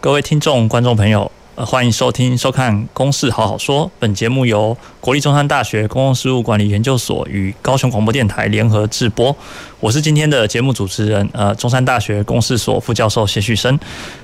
各位聽眾、觀眾朋友，呃，歡迎收聽、收看《公事好好說》。本節目由國立中山大學公共事務管理研究所與高雄廣播電台聯合制播。我是今天的節目主持人，呃，中山大學公事所副教授謝旭昇。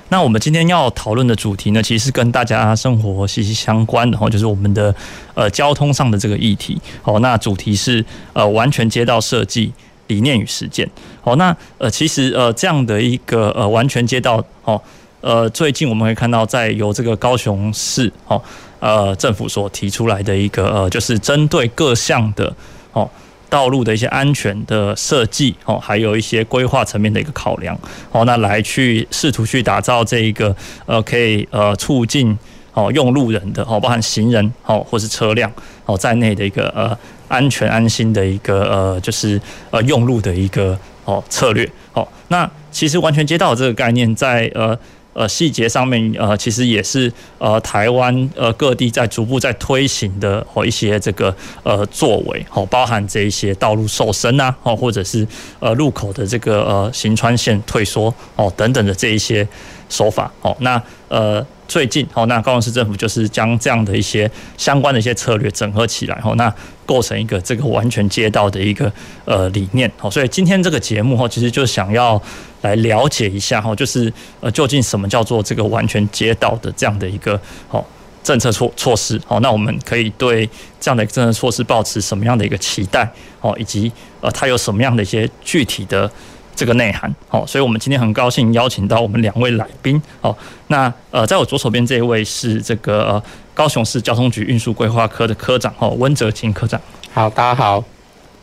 那我們今天要討論的主題呢，其實是跟大家生活息息相關的哦，就是我們的呃交通上的這個議題好、哦，那主題是呃完全街道設計理念與實踐。好、哦，那呃其實呃這樣的一個呃完全街道哦。呃，最近我們會看到，在由這個高雄市哦呃政府所提出來的一個呃，就是針對各項的哦道路的一些安全的設計哦，還有一些規劃層面的一個考量哦，那來去試圖去打造這一個呃可以呃促進哦用路人的哦，包含行人哦或是車輛呃、哦，在內的一個呃安全安心的一個呃就是呃用路的一個哦策略好、哦，那其實完全街道這個概念在呃。呃，細節上面，呃，其實也是呃，台灣呃各地在逐步在推行的哦、喔、一些這個呃作為哦，包含這一些道路瘦身吶哦，或者是呃路口的這個呃行穿線退縮哦、喔、等等的這一些手法哦、喔。那呃最近哦、喔，那高雄市政府就是將這樣的一些相關的一些策略整合起來哦、喔，那構成一個這個完全街道的一個呃理念哦、喔。所以今天這個節目哦、喔，其實就想要。來了解一下哈，就是呃，究竟什麼叫做這個完全街道的這樣的一個好政策措措施？好，那我們可以對這樣的政策措施抱持什麼樣的一個期待？哦，以及呃，它有什麼樣的一些具體的這個內涵？好，所以我們今天很高興邀請到我們兩位來賓。好，那呃，在我左手邊這一位是這個高雄市交通局運輸規劃科的科長哦，溫哲欽科長。好，大家好。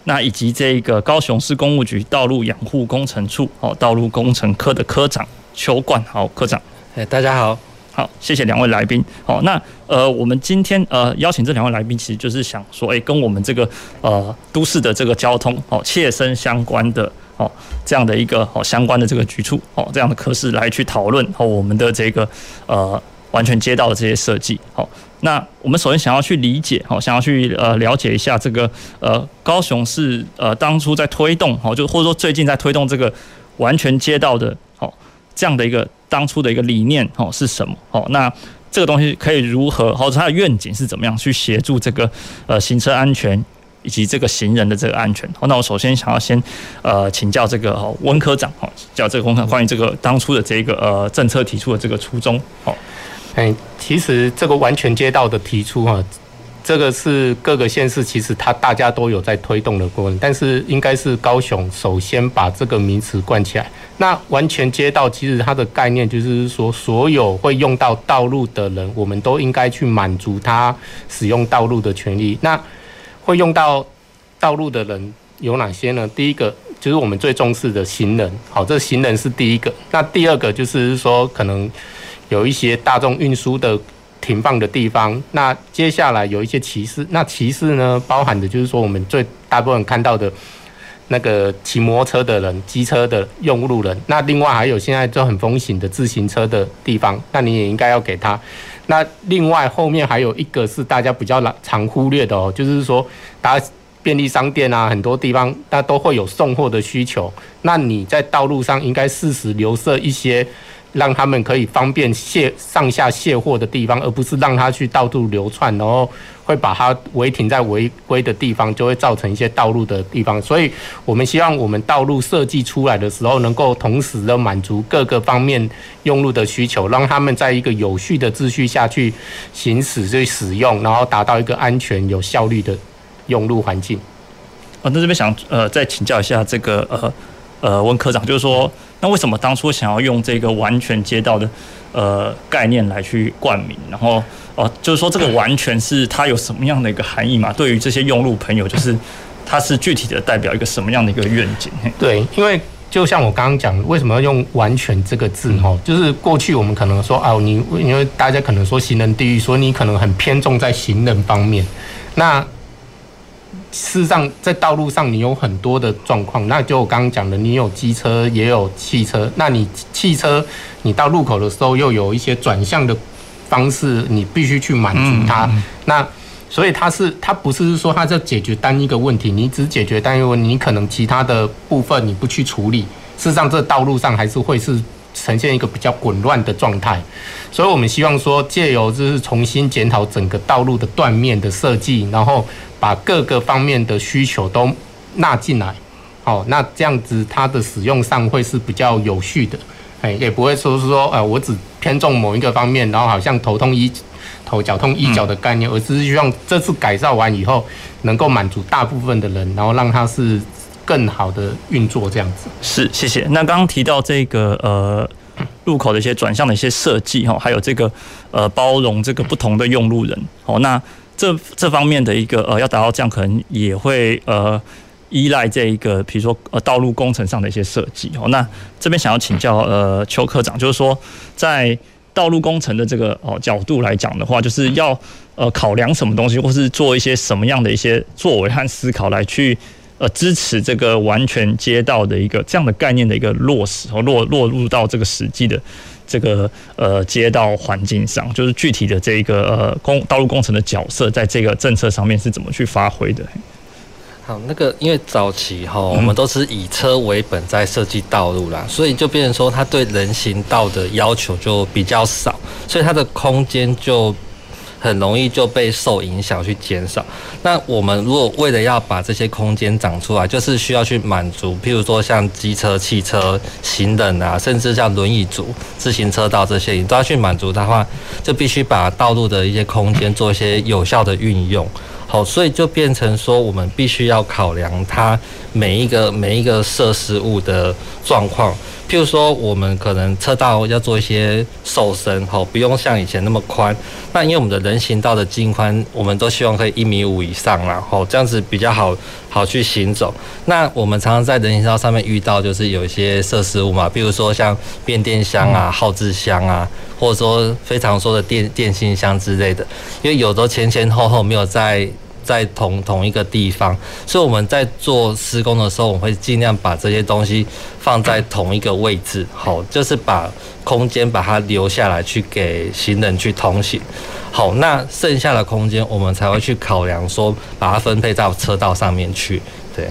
那以及這個高雄市工務局道路養護工程處哦，道路工程科的科長邱冠豪科長，誒、欸，大家好，好，謝謝兩位來賓。好，那呃，我們今天呃邀請這兩位來賓，其實就是想說，誒、欸，跟我們這個呃都市的這個交通哦，切身相關的哦，這樣的一個哦相關的這個局處哦，這樣的科室來去討論和、哦、我們的這個呃完全街道的這些設計好。哦那我們首先想要去理解，哦，想要去呃了解一下這個呃高雄市呃當初在推動，哦，就或者說最近在推動這個完全街道的，哦，這樣的一個當初的一個理念，哦是什麼？哦，那這個東西可以如何？哦，它的願景是怎麼樣去協助這個呃行車安全以及這個行人的這個安全？哦，那我首先想要先呃請教這個溫科長，哦，叫這個溫科，關於這個當初的這個呃政策提出的這個初衷，哦。誒，其實這個完全街道的提出啊，這個是各個縣市其實它大家都有在推動的過程，但是應該是高雄首先把這個名詞冠起來。那完全街道其實它的概念就是說，所有會用到道路的人，我們都應該去滿足他使用道路的權利。那會用到道路的人有哪些呢？第一個就是我們最重視的行人，好，這行人是第一個。那第二個就是說可能。有一些大眾運輸的停放的地方，那接下來有一些騎士，那騎士呢，包含的就是說我們最大部分看到的那個騎摩托車的人、機車的用路人，那另外還有現在就很風行的自行車的地方，那你也應該要給他。那另外後面還有一個是大家比較常忽略的哦，就是說大便利商店啊，很多地方它都會有送貨的需求，那你在道路上應該適時留設一些。讓他們可以方便卸上下卸貨的地方，而不是讓他去到處流竄，然後會把他違停在違規的地方，就會造成一些道路的地方。所以我們希望我們道路設計出來的時候，能夠同時的滿足各個方面用路的需求，讓他們在一個有序的秩序下去行駛去使用，然後達到一個安全、有效率的用路環境。我在、啊、這邊想呃，再請教一下這個呃呃溫科長，就是說。那為什麼當初想要用這個完全街道的，呃概念來去冠名，然後哦、呃，就是說這個完全是它有什麼樣的一個含義嘛？對於這些用路朋友，就是它是具體的代表一個什麼樣的一個願景？對，因為就像我剛剛講，為什麼要用“完全”這個字哦？就是過去我們可能說哦、啊，你因為大家可能說行人地獄，所以你可能很偏重在行人方面，那。事實上，在道路上你有很多的狀況，那就我剛剛講的，你有機車也有汽車，那你汽車你到路口的時候又有一些轉向的方式，你必須去滿足它。嗯嗯。那所以它是它不是說它在解決單一個問題，你只解決單一個問題，你可能其他的部分你不去處理。事實上，這道路上還是會是。呈現一個比較混亂的狀態，所以我們希望說，借由就是重新檢討整個道路的斷面的設計，然後把各個方面的需求都納進來，好、喔，那這樣子它的使用上會是比較有序的，哎、欸，也不會說是說，呃，我只偏重某一個方面，然後好像頭痛醫頭、腳痛醫腳的概念，嗯、而是希望這次改造完以後，能夠滿足大部分的人，然後讓它是。更好的運作這樣子是，謝謝。那剛剛提到這個呃，路口的一些轉向的一些設計哈，還有這個呃，包容這個不同的用路人好、哦，那這這方面的一個呃要達到這樣，可能也會呃依賴這一個，比如說呃，道路工程上的一些設計好，那這邊想要請教呃，邱科長，就是說在道路工程的這個哦、呃、角度來講的話，就是要呃，考量什麼東西，或是做一些什麼樣的一些作為和思考來去。呃，支持這個完全街道的一個這樣的概念的一個落實和落落入到這個實際的這個呃街道環境上，就是具體的這一個呃公道路工程的角色，在這個政策上面是怎麼去發揮的？好，那個因為早期哈、哦，我們都是以車為本在設計道路啦，嗯、所以就變成說，它對人行道的要求就比較少，所以它的空間就。很容易就被受影響去減少。那我們如果為了要把這些空間長出來，就是需要去滿足，譬如說像機車、汽車、行人啊，甚至像輪椅族、自行車道這些，你都要去滿足的話，就必須把道路的一些空間做一些有效的運用。好，所以就變成說，我們必須要考量它每一個每一個設施物的狀況。就是說，我們可能車道要做一些瘦身，吼，不用像以前那麼寬。那因為我們的人行道的淨寬，我們都希望可以一米五以上啦，然後這樣子比較好好去行走。那我們常常在人行道上面遇到，就是有一些設施物嘛，比如說像變電箱啊、嗯、號誌箱啊，或者說非常多的電電信箱之類的，因為有的時候前前後後沒有在。在同同一個地方，所以我們在做施工的時候，我們會盡量把這些東西放在同一個位置。好，就是把空間把它留下來，去給行人去通行。好，那剩下的空間我們才會去考量說，把它分配到車道上面去。對，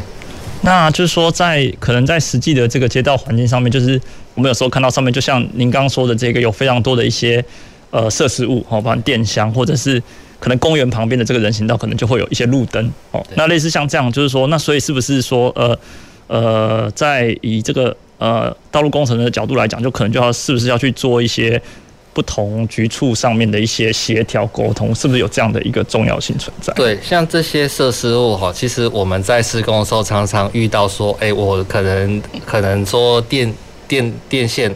那就是說在，在可能在實際的這個街道環境上面，就是我們有時候看到上面，就像您剛說的這個，有非常多的一些呃設施物，好，包括電箱或者是。可能公園旁邊的這個人行道可能就會有一些路燈哦。那類似像這樣，就是說，那所以是不是說，呃呃，在以這個呃道路工程的角度來講，就可能就要是不是要去做一些不同局處上面的一些協調溝通，是不是有這樣的一個重要性存在？對，像這些設施物哈，其實我們在施工的時候常常遇到說，哎、欸，我可能可能說電電電線。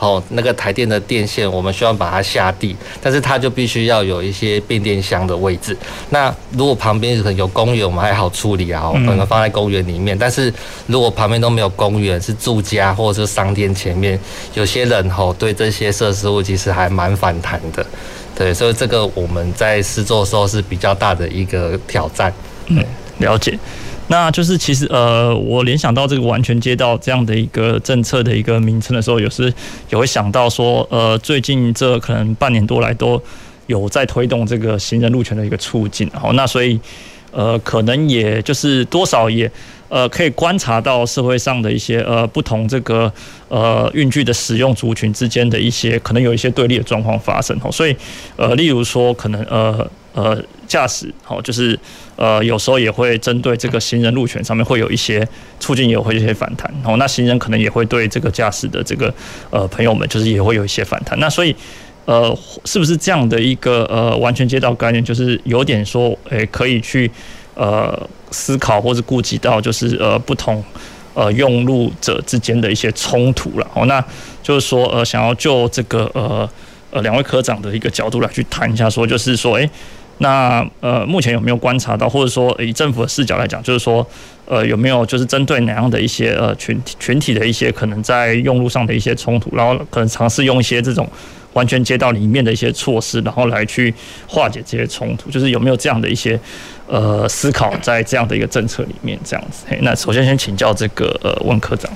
好，那個台電的電線，我們需要把它下地，但是它就必須要有一些變電箱的位置。那如果旁邊可能有公園，我們還好處理啊，我們可能放在公園裡面。但是如果旁邊都沒有公園，是住家或者是商店前面，有些人吼對這些設施物其實還蠻反彈的。對，所以這個我們在試做的時候是比較大的一個挑戰。嗯，了解。那就是其實呃，我聯想到這個完全街道這樣的一個政策的一個名稱的時候，有時也會想到說，呃，最近這可能半年多來都有在推動這個行人路權的一個促進好，那所以，呃，可能也就是多少也呃，可以觀察到社會上的一些呃不同這個呃運具的使用族群之間的一些可能有一些對立的狀況發生好，哦，所以，呃，例如說可能呃。呃，駕駛哦，就是呃，有時候也會針對這個行人路權上面會有一些促進，也會有一些反彈哦。那行人可能也會對這個駕駛的這個呃朋友們，就是也會有一些反彈。那所以呃，是不是這樣的一個呃完全街道概念，就是有點說誒、欸、可以去呃思考，或者顧及到就是呃不同呃用路者之間的一些衝突了哦。那就是說呃，想要就這個呃呃兩位科長的一個角度來去談一下說，說就是說誒。欸那呃，目前有沒有觀察到，或者說以、欸、政府的視角來講，就是說，呃，有沒有就是針對哪樣的一些呃群群體的一些可能在用路上的一些衝突，然後可能嘗試用一些這種完全街道裡面的一些措施，然後來去化解這些衝突，就是有沒有這樣的一些呃思考在這樣的一個政策裡面這樣子？嘿，那首先先請教這個呃溫科長，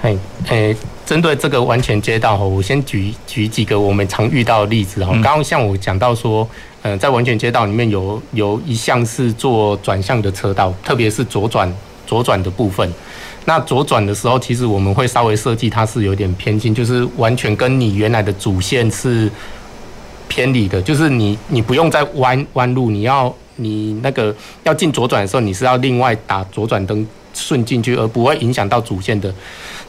嘿，誒，針、欸、對這個完全街道哈，我先舉舉幾個我們常遇到的例子哈，剛剛像我講到說。嗯嗯、呃，在完全街道裡面有有一項是做轉向的車道，特別是左轉左轉的部分。那左轉的時候，其實我們會稍微設計它是有點偏心，就是完全跟你原來的主線是偏離的，就是你你不用再彎彎路，你要你那個要進左轉的時候，你是要另外打左轉燈順進去，而不會影響到主線的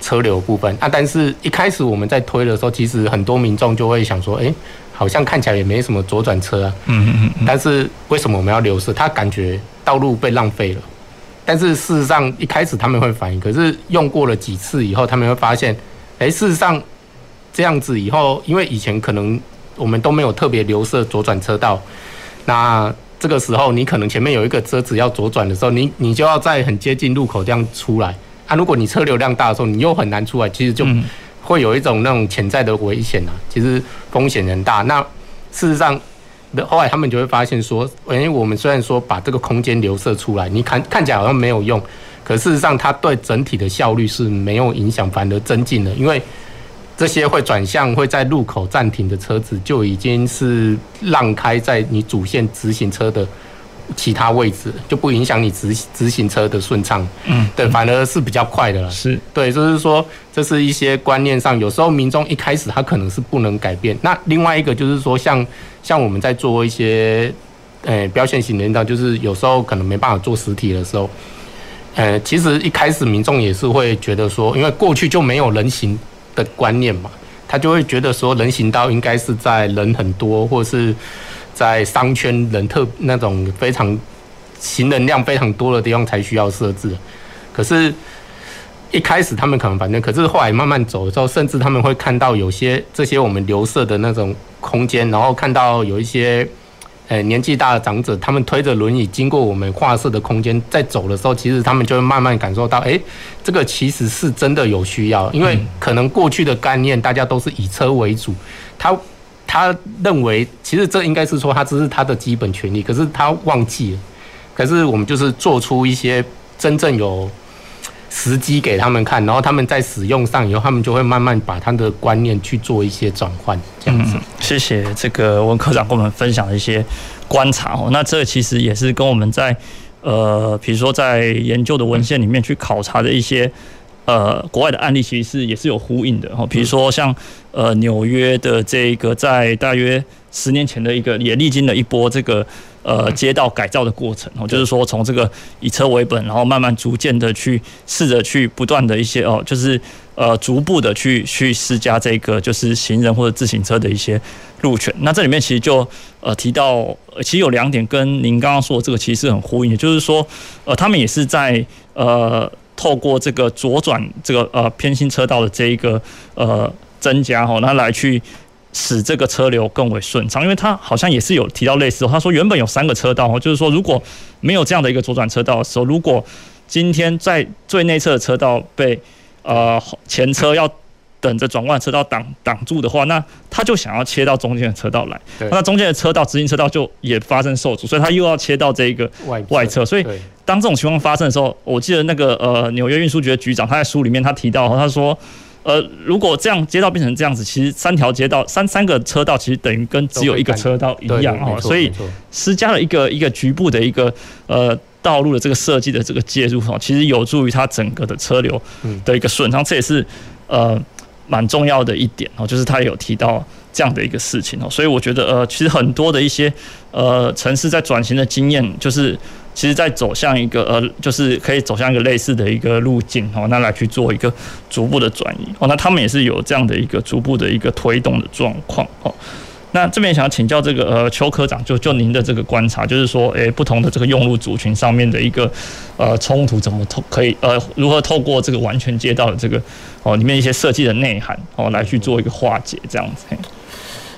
車流的部分。啊，但是一開始我們在推的時候，其實很多民眾就會想說，誒、欸……好像看起來也沒什麼左轉車啊，嗯嗯嗯。但是為什麼我們要留設？他感覺道路被浪費了。但是事實上，一開始他們會反應，可是用過了幾次以後，他們會發現，誒、欸，事實上這樣子以後，因為以前可能我們都沒有特別留設左轉車道。那這個時候，你可能前面有一個車子要左轉的時候，你你就要在很接近路口這樣出來啊。如果你車流量大的時候，你又很難出來，其實就。嗯會有一種那種潛在的危險啊，其實風險很大。那事實上，後來他們就會發現說，哎，我們雖然說把這個空間留設出來，你看看起來好像沒有用，可事實上它對整體的效率是沒有影響，反而增進了。因為這些會轉向會在路口暫停的車子，就已經是讓開在你主線直行車的。其他位置就不影響你直行，直行車的順暢，嗯，對，反而是比較快的了。是對，就是說，這是一些觀念上，有時候民眾一開始他可能是不能改變。那另外一個就是說，像像我們在做一些，誒、欸，標線型人行道，就是有時候可能沒辦法做實體的時候，呃、欸，其實一開始民眾也是會覺得說，因為過去就沒有人行的觀念嘛，他就會覺得說，人行道應該是在人很多或是。在商圈人特那種非常行人量非常多的地方才需要設置，可是，一開始他們可能反正，可是後來慢慢走的時候，甚至他們會看到有些這些我們留設的那種空間，然後看到有一些呃、欸、年紀大的長者，他們推着輪椅經過我們畫設的空間，在走的時候，其實他們就會慢慢感受到，誒，這個其實是真的有需要，因為可能過去的概念，大家都是以車為主，他他認為，其實這應該是說，他這是他的基本權利，可是他忘記了。可是我們就是做出一些真正有時機給他們看，然後他們在使用上以後，他們就會慢慢把他的觀念去做一些轉換，這樣子，嗯。謝謝這個溫科長跟我們分享的一些觀察哦。那這其實也是跟我們在呃，比如說在研究的文獻裡面去考察的一些。呃，國外的案例其實是也是有呼應的，比如說像呃紐約的這個，在大約十年前的一個，也歷經了一波這個呃街道改造的過程哦，就是說從這個以車為本，然後慢慢逐漸的去試着去不斷的一些哦，就是呃逐步的去去施加這個就是行人或者自行車的一些路權。那這裡面其實就呃提到，其實有兩點跟您剛剛說的這個其實很呼應，也就是說呃他們也是在呃。透過這個左轉這個呃偏心車道的這一個呃增加吼，那、哦、來去使這個車流更為順暢，因為它好像也是有提到類似，他說原本有三個車道吼，就是說如果沒有這樣的一個左轉車道的時候，如果今天在最內側的車道被呃前車要。等着轉彎車道擋擋住的話，那他就想要切到中間的車道來。那中間的車道直行車道就也發生受阻，所以他又要切到這一個外外側。所以當這種情況發生的時候，我記得那個呃紐約運輸局的局長他在書裡面他提到，他說呃如果這樣街道變成這樣子，其實三條街道三三個車道其實等於跟只有一個車道一樣哈，所以施加了一個一個局部的一個呃道路的這個設計的這個介入哈，其實有助於它整個的車流的一個順暢。這也是呃。蠻重要的一點哦，就是他有提到這樣的一個事情哦，所以我覺得呃，其實很多的一些呃城市在轉型的經驗，就是其實在走向一個呃，就是可以走向一個類似的一個路徑哦，那來去做一個逐步的轉移哦，那他們也是有這樣的一個逐步的一個推動的狀況哦。那這邊想要請教這個呃邱科長，就就您的這個觀察，就是說，誒，不同的這個用路族群上面的一個呃衝突，怎麼透可以呃如何透過這個完全街道的這個哦裡面一些設計的內涵哦來去做一個化解這樣子？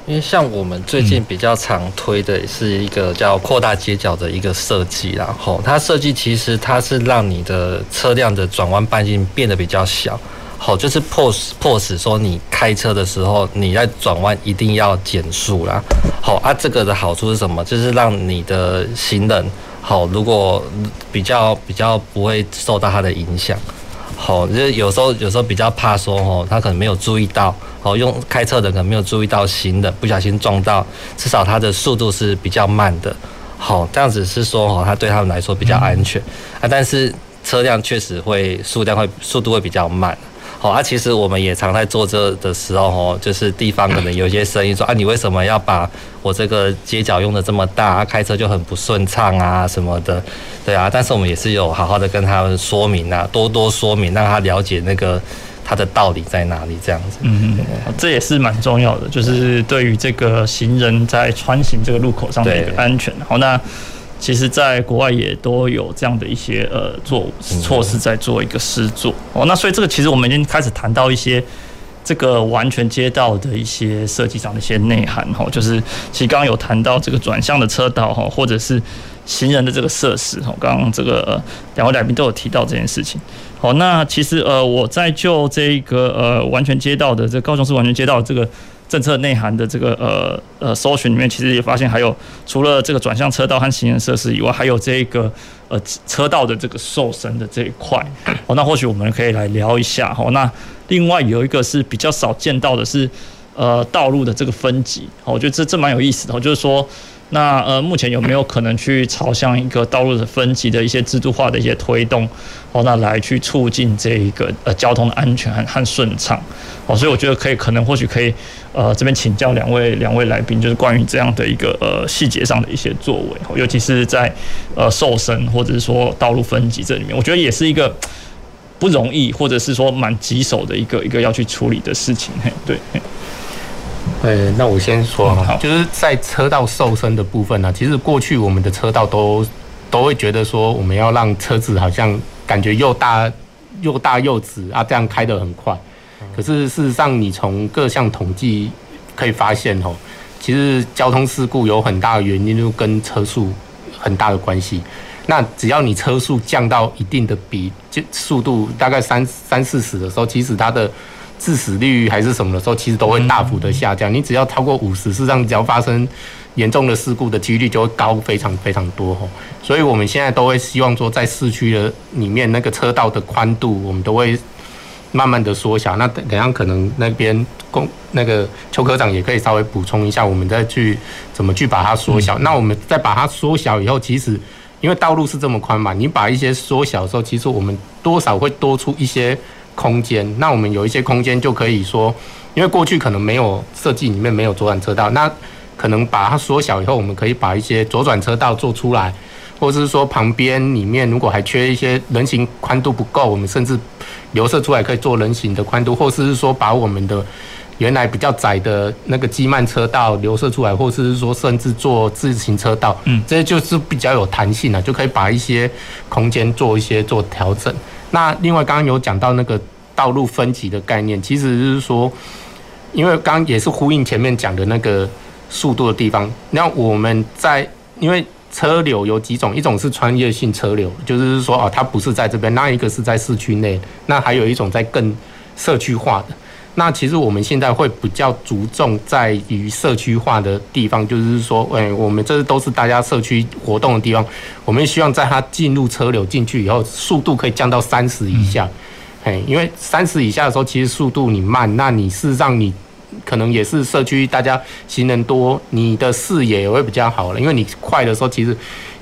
因為像我們最近比較常推的是一個叫擴大街角的一個設計，然後它設計其實它是讓你的車輛的轉彎半徑變得比較小。好，就是迫使迫使說你開車的時候，你在轉彎一定要減速啦。好啊，這個的好處是什麼？就是讓你的行人，好，如果比較比較不會受到它的影響。好，就是有時候有時候比較怕說，哦，他可能沒有注意到，哦，用開車的可能沒有注意到行人，不小心撞到，至少它的速度是比較慢的。好，這樣子是說，哦，它對他們來說比較安全、嗯、啊。但是車輛確實會數量會速度會比較慢。好，啊，其實我們也常在坐這的時候，吼，就是地方可能有些聲音說，啊，你為什麼要把我這個街角用得這麼大，開車就很不順暢啊，什麼的，對啊。但是我們也是有好好的跟他們說明啊，多多說明，讓他了解那個他的道理在哪裡，這樣子。嗯，這也是蠻重要的，就是對於這個行人在穿行這個路口上的一個安全。對好，那。其實在國外也都有這樣的一些呃做措施，在做一個施作哦。嗯、那所以這個其實我們已經開始談到一些這個完全街道的一些設計上的一些內涵哈、哦，就是其實剛剛有談到這個轉向的車道哈，或者是行人的這個設施哈，剛剛這個、呃、兩位來賓都有提到這件事情。好、哦，那其實呃，我在就這個呃完全街道的這個、高雄市完全街道這個。政策內涵的這個呃呃搜尋裡面，其實也發現還有除了這個轉向車道和行人設施以外，還有這個呃車道的這個瘦身的這一塊。好，那或許我們可以來聊一下。好，那另外有一個是比較少見到的是，呃，道路的這個分級，我覺得這這蠻有意思的。就是說，那呃，目前有沒有可能去朝向一個道路的分級的一些制度化的一些推動？哦，那來去促進這一個呃交通的安全和順暢。哦，所以我覺得可以，可能或許可以呃，這邊請教兩位兩位來賓，就是關於這樣的一個呃細節上的一些作為，尤其是在呃瘦身或者是說道路分級這裡面，我覺得也是一個不容易，或者是說蠻棘手的一個一個要去處理的事情。嘿，對。嘿呃，那我先說就是在車道瘦身的部分呢、啊，其實過去我們的車道都都會覺得說，我們要讓車子好像感覺又大又大又直啊，這樣開得很快。可是事實上，你從各項統計可以發現，其實交通事故有很大的原因就是跟車速很大的關係。那只要你車速降到一定的比就速度，大概三三四十的時候，其實它的。致死率還是什麼的時候，其實都會大幅的下降。你只要超過五十，事實上只要發生嚴重的事故的幾率就會高非常非常多吼。所以我們現在都會希望說，在市區的裡面那個車道的寬度，我們都會慢慢的縮小。那等下可能那邊公那個邱科長也可以稍微補充一下，我們再去怎麼去把它縮小。嗯、那我們再把它縮小以後，其實因為道路是這麼寬嘛，你把一些縮小的時候，其實我們多少會多出一些。空間，那我們有一些空間就可以說，因為過去可能沒有設計裡面沒有左轉車道，那可能把它縮小以後，我們可以把一些左轉車道做出來，或者是說旁邊裡面如果還缺一些人行寬度不夠，我們甚至留設出來可以做人行的寬度，或者是說把我們的原來比較窄的那個機慢車道留設出來，或者是說甚至做自行車道。嗯，這些就是比較有彈性了，就可以把一些空間做一些做調整。那另外，剛剛有講到那個道路分級的概念，其實就是說，因為剛剛也是呼應前面講的那個速度的地方。那我們在，因為車流有幾種，一種是穿越性車流，就是說哦，它不是在這邊，那一個是在市區內，那還有一種在更社區化的。那其實我們現在會比較着重在於社區化的地方，就是說，誒，我們這都是大家社區活動的地方，我們希望在它進入車流進去以後，速度可以降到三十以下，誒，因為三十以下的時候，其實速度你慢，那你是讓你可能也是社區大家行人多，你的視野也會比較好了，因為你快的時候，其實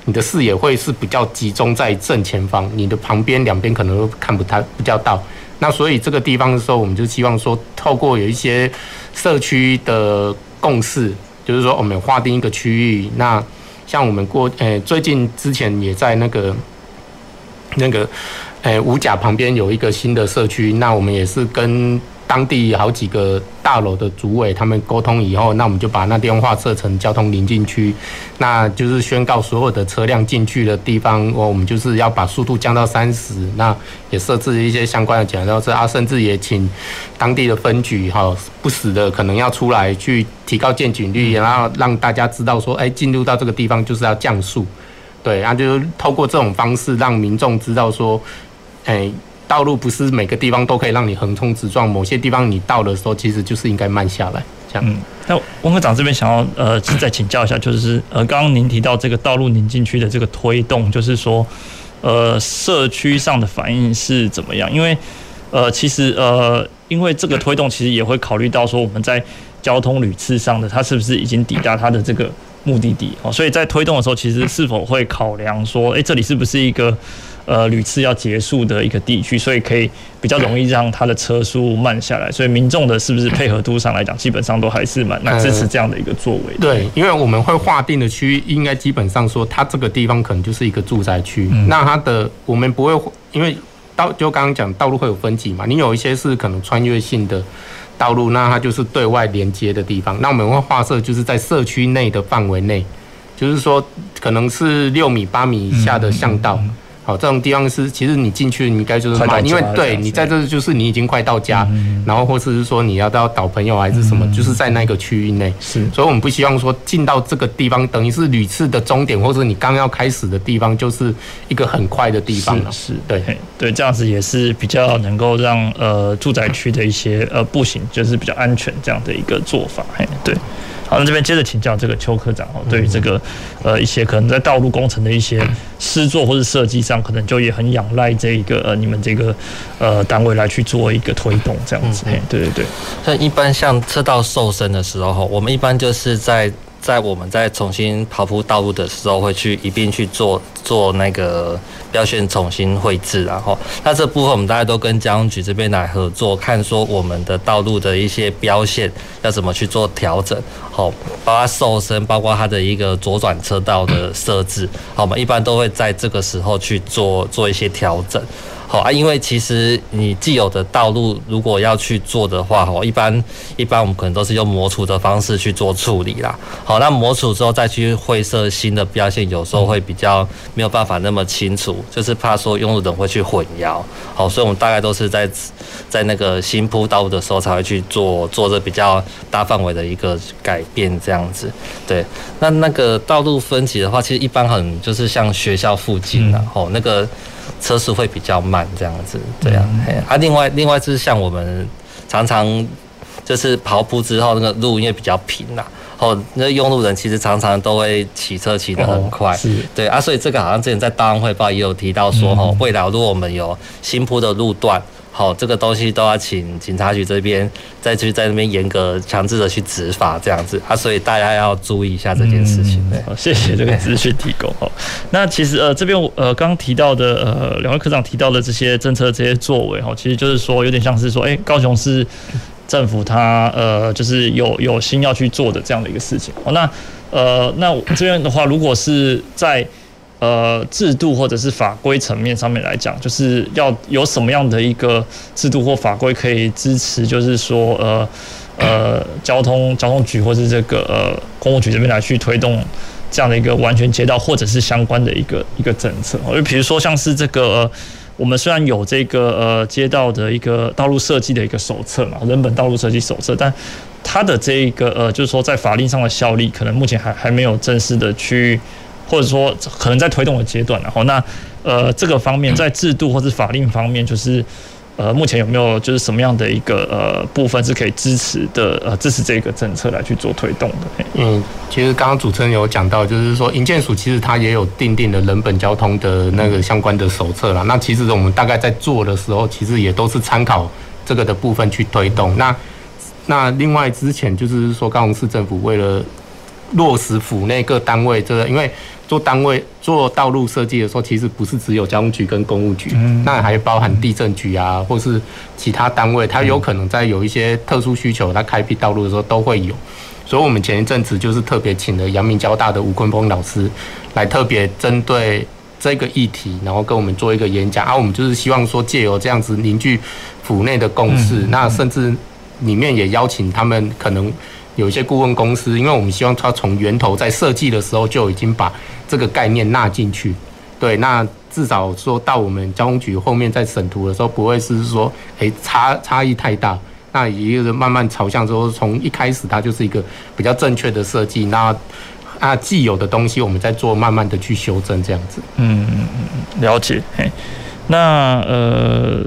你的視野會是比較集中在正前方，你的旁邊兩邊可能都看不太比較到。那所以這個地方的時候，我們就希望說，透過有一些社區的共識，就是說，我們劃定一個區域。那像我們過誒、欸，最近之前也在那個那個誒、欸，五甲旁邊有一個新的社區，那我們也是跟。當地好幾個大樓的主委，他們溝通以後，那我們就把那電話設成交通鄰近區，那就是宣告所有的車輛進去的地方，我們就是要把速度降到三十。那也設置一些相關的警報車啊，甚至也請當地的分局哈、喔，不時的可能要出來去提高見警率，然後讓大家知道說，哎、欸，進入到這個地方就是要降速，對，那、啊、就就透過這種方式讓民眾知道說，哎、欸。道路不是每個地方都可以讓你橫衝直撞，某些地方你到的時候，其實就是應該慢下來。這樣、嗯。那溫科長這邊想要呃再請教一下，就是呃剛剛您提到這個道路寧靜區的這個推動，就是說呃社區上的反應是怎麼樣？因為呃其實呃因為這個推動其實也會考慮到說我們在交通旅次上的它是不是已經抵達它的這個目的地哦，所以在推動的時候，其實是否會考量說，哎、欸、這裡是不是一個？呃，旅次要結束的一個地區，所以可以比較容易讓他的車速慢下來，所以民眾的是不是配合度上來講，基本上都還是蠻支持這樣的一個作為、嗯。對，因為我們會劃定的區域，應該基本上說，它這個地方可能就是一個住宅區，嗯、那它的我們不會因為道，就剛剛講道路會有分級嘛，你有一些是可能穿越性的道路，那它就是對外連接的地方，那我們會劃設就是在社區內的範圍內，就是說可能是六米八米以下的巷道。嗯嗯嗯好，這種地方是其實你進去，你應該就是買快，因為對你在這就是你已經快到家，嗯、然後或者是說你要到找朋友還是什麼，嗯、就是在那個區域內。是，所以我們不希望說進到這個地方，等於是旅次的終點，或者你剛要開始的地方，就是一個很快的地方了。是，是，對對，這樣子也是比較能夠讓呃住宅區的一些呃步行就是比較安全這樣的一個做法。對。好，那這邊接着請教這個邱科長哦，對於這個呃一些可能在道路工程的一些。施作或是設計上，可能就也很仰賴這一個呃，你們這個呃單位來去做一個推動這樣子。嗯、對對對。那一般像車道瘦身的時候，我們一般就是在。在我們在重新刨鋪道路的時候，會去一併去做做那個標線重新繪製、啊，然後那這部分我們大家都跟交通局這邊來合作，看說我們的道路的一些標線要怎麼去做調整，好，包括他瘦身，包括它的一個左轉車道的設置，好，我們一般都會在這個時候去做做一些調整。好啊，因為其實你既有的道路，如果要去做的話，吼，一般一般我們可能都是用磨除的方式去做處理啦。好，那磨除之後再去繪設新的標線，有時候會比較沒有辦法那麼清楚，嗯、就是怕說用路人會去混淆。好，所以我們大概都是在在那個新鋪道路的時候才會去做做這比較大範圍的一個改變這樣子。對，那那個道路分級的話，其實一般很就是像學校附近然後、嗯、那個。車速會比較慢，這樣子，這樣、啊，啊，另外，另外就是像我們常常就是刨鋪之後，那個路因為比較平呐、啊，哦，那個、用路人其實常常都會騎車騎得很快，哦、對啊，所以這個好像之前在道安會報也有提到說，吼、嗯，未來如果我們有新鋪的路段。好，這個東西都要請警察局這邊再去在那邊嚴格強制的去執法這樣子啊，所以大家要注意一下這件事情。嗯、好，謝謝這個資訊提供。好對，那其實呃這邊呃剛剛提到的呃兩位科長提到的這些政策這些作為哈，其實就是說有點像是說，誒、欸，高雄市政府它呃就是有有心要去做的這樣的一個事情。哦，那呃那這邊的話，如果是在。呃，制度或者是法規層面上面來講，就是要有什麼樣的一個制度或法規可以支持，就是說，呃呃，交通交通局或者是這個呃工務局這邊來去推動這樣的一個完全街道或者是相關的一個一個政策。因為比如說像是這個，呃、我們雖然有這個呃街道的一個道路設計的一個手冊嘛，人本道路設計手冊，但它的這一個呃，就是說在法令上的效力，可能目前還還沒有正式的去。或者說可能在推動的階段，啊，然後那呃這個方面在制度或者法令方面，就是呃目前有沒有就是什麼樣的一個呃部分是可以支持的呃支持這個政策來去做推動的？嗯，其實剛剛主持人有講到，就是說營建署其實它也有訂定的人本交通的那個相關的手冊啦。嗯、那其實我們大概在做的時候，其實也都是參考這個的部分去推動。嗯、那那另外之前就是說高雄市政府為了落實府那個單位，這個因為做單位做道路設計的時候，其實不是只有交通局跟工務局，嗯、那還包含地震局啊，嗯、或是其他單位，它有可能在有一些特殊需求，它開闢道路的時候都會有。所以，我們前一陣子就是特別請了陽明交大的吳昆峰老師來特別針對這個議題，然後跟我們做一個演講。啊，我們就是希望說借由這樣子凝聚府內的共識，嗯嗯、那甚至裡面也邀請他們可能。有一些顧問公司，因為我們希望他從源頭在設計的時候就已經把這個概念納進去，對，那至少說到我們交通局後面在審圖的時候，不會是說誒、欸、差差異太大，那也就是慢慢朝向說從一開始它就是一個比較正確的設計，那啊既有的東西我們在做慢慢的去修正這樣子。嗯，了解。誒，那呃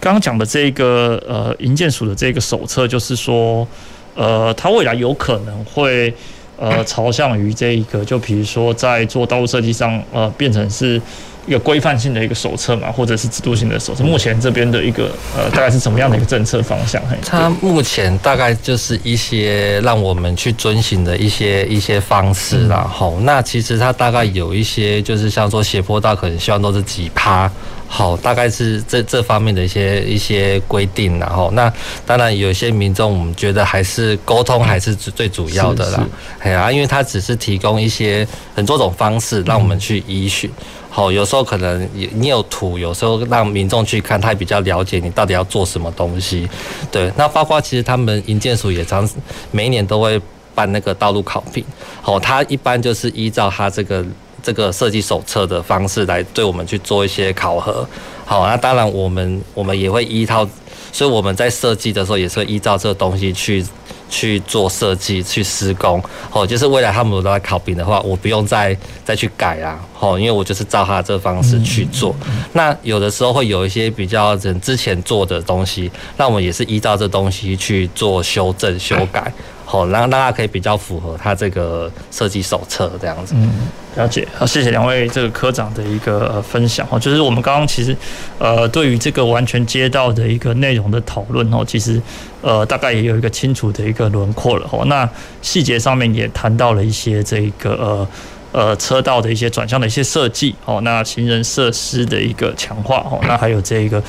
剛剛講的這個呃營建署的這個手冊，就是說。呃，它未來有可能會呃，朝向於這一個，就比如說在做道路設計上，呃，變成是一個規範性的一個手冊嘛，或者是制度性的手冊。目前這邊的一個呃，大概是什麼樣的一個政策方向？它目前大概就是一些讓我們去遵循的一些一些方式啦齁，然後那其實它大概有一些就是像說斜坡道可能希望都是幾趴。好，大概是這這方面的一些一些規定，然後那當然有些民眾我們覺得還是溝通還是最主要的啦，哎呀，因為他只是提供一些很多種方式讓我們去依循，好、嗯，有時候可能你有圖，有時候讓民眾去看，他也比較了解你到底要做什麼東西，對，那包括其實他們營建署也常每一年都會辦那個道路考評，好，他一般就是依照他這個。這個設計手冊的方式來對我們去做一些考核，好，那當然我們我們也會依靠，所以我們在設計的時候也是會依照這個東西去去做設計、去施工，好，就是未來他們如果在考評的話，我不用再再去改了啊。好，因為我就是照他這個方式去做。那有的時候會有一些比較人之前做的東西，那我們也是依照這東西去做修正、修改。哎好，那讓大家可以比較符合他這個設計手冊這樣子。嗯，了解。好，謝謝兩位這個科長的一個分享哦。就是我們剛剛其實，呃，對於這個完全街道的一個內容的討論哦，其實呃，大概也有一個清楚的一個輪廓了哦。那細節上面也談到了一些這個呃呃車道的一些轉向的一些設計哦。那行人設施的一個強化哦。那還有這個。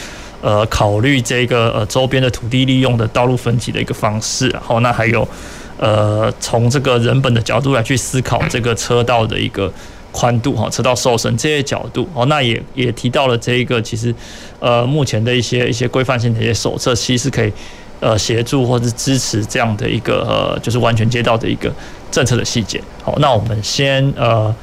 呃，考慮這個呃周邊的土地利用的道路分級的一個方式，然後那還有，呃，從這個人本的角度來去思考這個車道的一個寬度哈，車道瘦身這些角度，好，那也也提到了這一個其實，呃，目前的一些一些規範性的一些手冊，其實是可以呃協助或者支持這樣的一個呃，就是完全街道的一個政策的細節。好，那我們先呃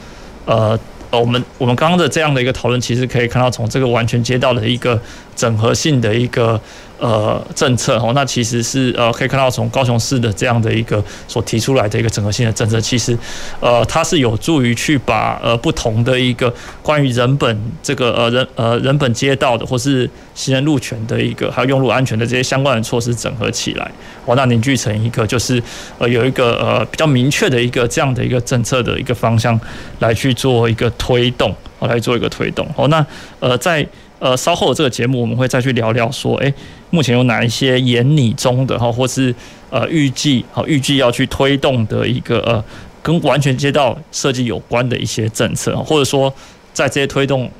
呃。呃我們我們剛剛的這樣的一個討論，其實可以看到從這個完全街道的一個整合性的一個。呃，政策哦，那其實是呃，可以看到從高雄市的這樣的一個所提出來的一個整合性的政策，其實呃，它是有助於去把呃不同的一個關於人本這個呃人呃人本街道的，或是行人路權的一個還有用路安全的這些相關的措施整合起來，哦，那凝聚成一個就是呃有一個呃比較明確的一個這樣的一個政策的一個方向來去做一個推動，哦、來做一個推動。哦，那呃在呃稍後的這個節目我們會再去聊聊說，誒、欸。目前有哪一些研擬中的哈，或是呃預計好預計要去推動的一個呃跟完全街道設計有關的一些政策，或者說在這些推動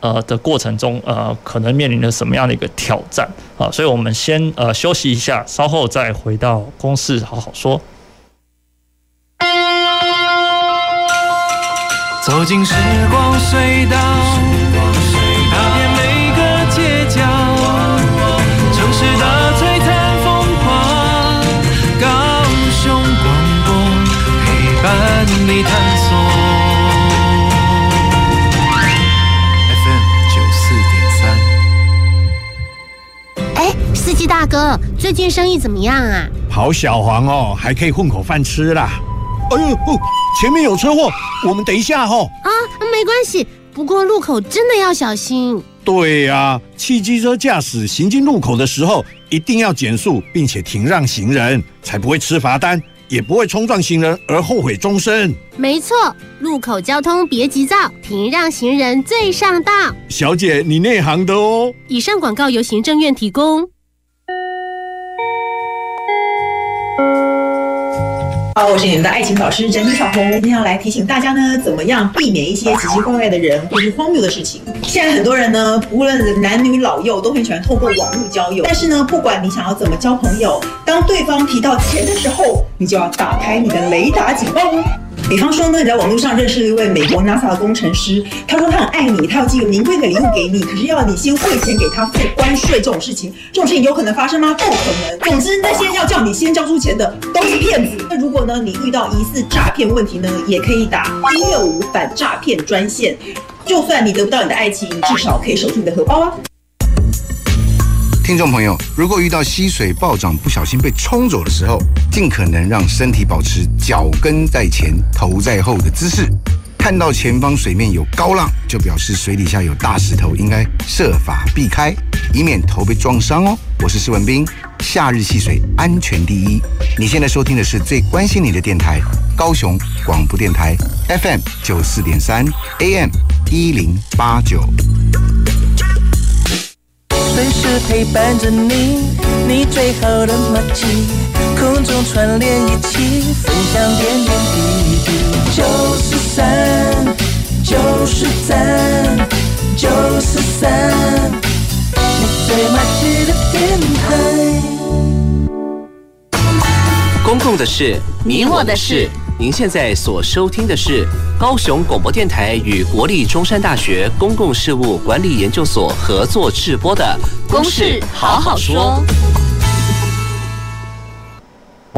呃的過程中呃可能面臨着什麼樣的一個挑戰啊？所以我們先呃休息一下，稍後再回到公事好好說。走進時光隧道。大哥，最近生意怎麼樣啊？跑小黃哦，還可以混口飯吃啦。哎呦，哦，前面有車禍，我們等一下哦。啊，沒關係，不過路口真的要小心。對啊，汽機車駕駛行經路口的時候，一定要減速並且停讓行人，才不會吃罰單，也不會衝撞行人而後悔終身。沒錯，路口交通別急躁，停讓行人最上道。小姐，你內行的哦。以上廣告由行政院提供。好，我是你們的愛情導師宅女小紅，今天要來提醒大家呢，怎麼樣避免一些奇奇怪怪的人或是荒謬的事情。現在很多人呢，無論男女老幼，都很喜歡透過網絡交友。但是呢，不管你想要怎麼交朋友，當對方提到錢的時候，你就要打開你的雷達警報。比方說呢，你在網絡上認識了一位美國 NASA 的工程師，他說他很愛你，他要寄個名貴的禮物給你，可是要你先匯錢給他付關稅，這種事情，這種事情有可能發生嗎？不可能。總之，那些要叫你先交出錢的都是騙子。那如果呢，你遇到疑似詐騙問題呢，也可以打一六五反詐騙專線。就算你得不到你的愛情，至少可以守住你的荷包啊。聽眾朋友，如果遇到溪水暴漲，不小心被沖走的時候，盡可能讓身體保持腳跟在前、頭在後的姿勢。看到前方水面有高浪，就表示水底下有大石頭，應該設法避開，以免頭被撞傷哦。我是施文彬，夏日戲水安全第一。你現在收聽的是最關心你的電臺——高雄廣播電臺 FM 九四點三 AM 一零八九。公共的事，你我的事。您現在所收聽的是高雄廣播電臺與國立中山大學公共事務管理研究所合作直播的《公事好好說》。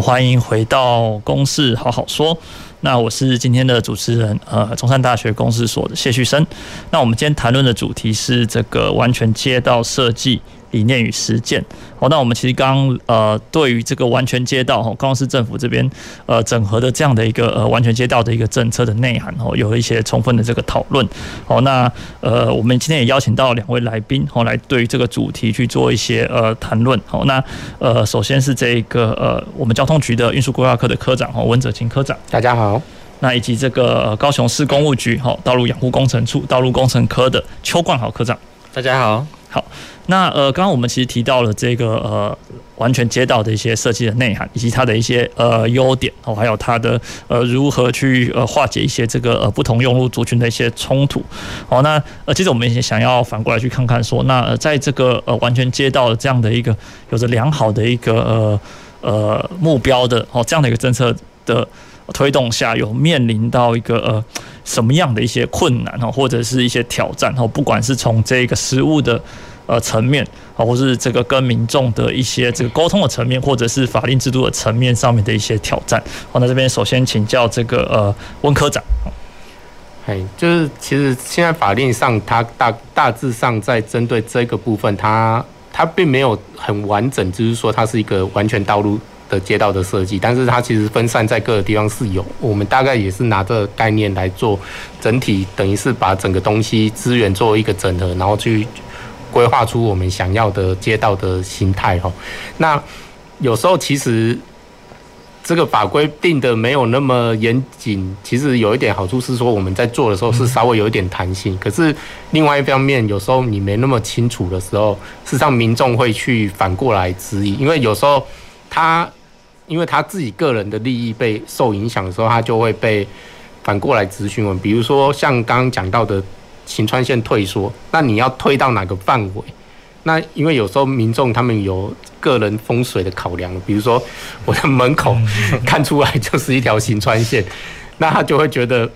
歡迎回到《公事好好說》好好說，那我是今天的主持人，呃，中山大學公事所的謝旭昇。那我們今天談論的主題是這個完全街道設計。理念與實踐，好，那我們其實剛剛呃，對於這個完全街道，哈，高雄市政府這邊呃整合，的這樣的一個呃完全街道的一個政策的內涵，哈、哦，有一些充分的這個討論，好、哦，那呃，我們今天也邀請到兩位來賓，哈、哦，來對於這個主題去做一些呃談論，好、哦，那呃，首先是這一個呃，我們交通局的運輸規劃科的科長哈，溫哲欽科長，大家好，那以及這個高雄市工務局哈、哦，道路養護工程處道路工程科的邱冠豪科、科長，大家好，好。那呃，剛剛我們其實提到了這個呃，完全街道的一些設計的內涵，以及它的一些呃優點哦，還有它的呃如何去呃化解一些這個呃不同用路族群的一些衝突好、哦，那呃，接着我們也想要反過來去看看，說那、呃、在這個呃完全街道的這樣的一個有着良好的一個呃呃目標的哦這樣的一個政策的推動下，有面臨到一個呃什麼樣的一些困難哦，或者是一些挑戰哦，不管是從這個實物的。呃，層面啊，或是這個跟民眾的一些這個溝通的層面，或者是法令制度的層面上面的一些挑戰。好、哦，那這邊首先請教這個呃溫科長。哎，就是其實現在法令上，它大大，大致上在針對這個部分它，它它並沒有很完整，就是說它是一個完全道路的街道的設計，但是它其實分散在各個地方是有。我們大概也是拿這個概念來做整體，等於是把整個東西資源做一個整合，然後去。規劃出我們想要的街道的形態哦。那有時候其實這個法規定得沒有那麼嚴謹，其實有一點好處是說我們在做的時候是稍微有一點彈性。嗯、可是另外一方面，有時候你沒那麼清楚的時候，事實上民眾會去反過來質疑。因為有時候他因為他自己個人的利益被受影響的時候，他就會被反過來質詢我們。比如說像剛剛講到的。行穿線退縮，那你要退到哪個範圍？那因為有時候民眾他們有個人風水的考量，比如說我的門口 看出來就是一條行穿線，那他就會覺得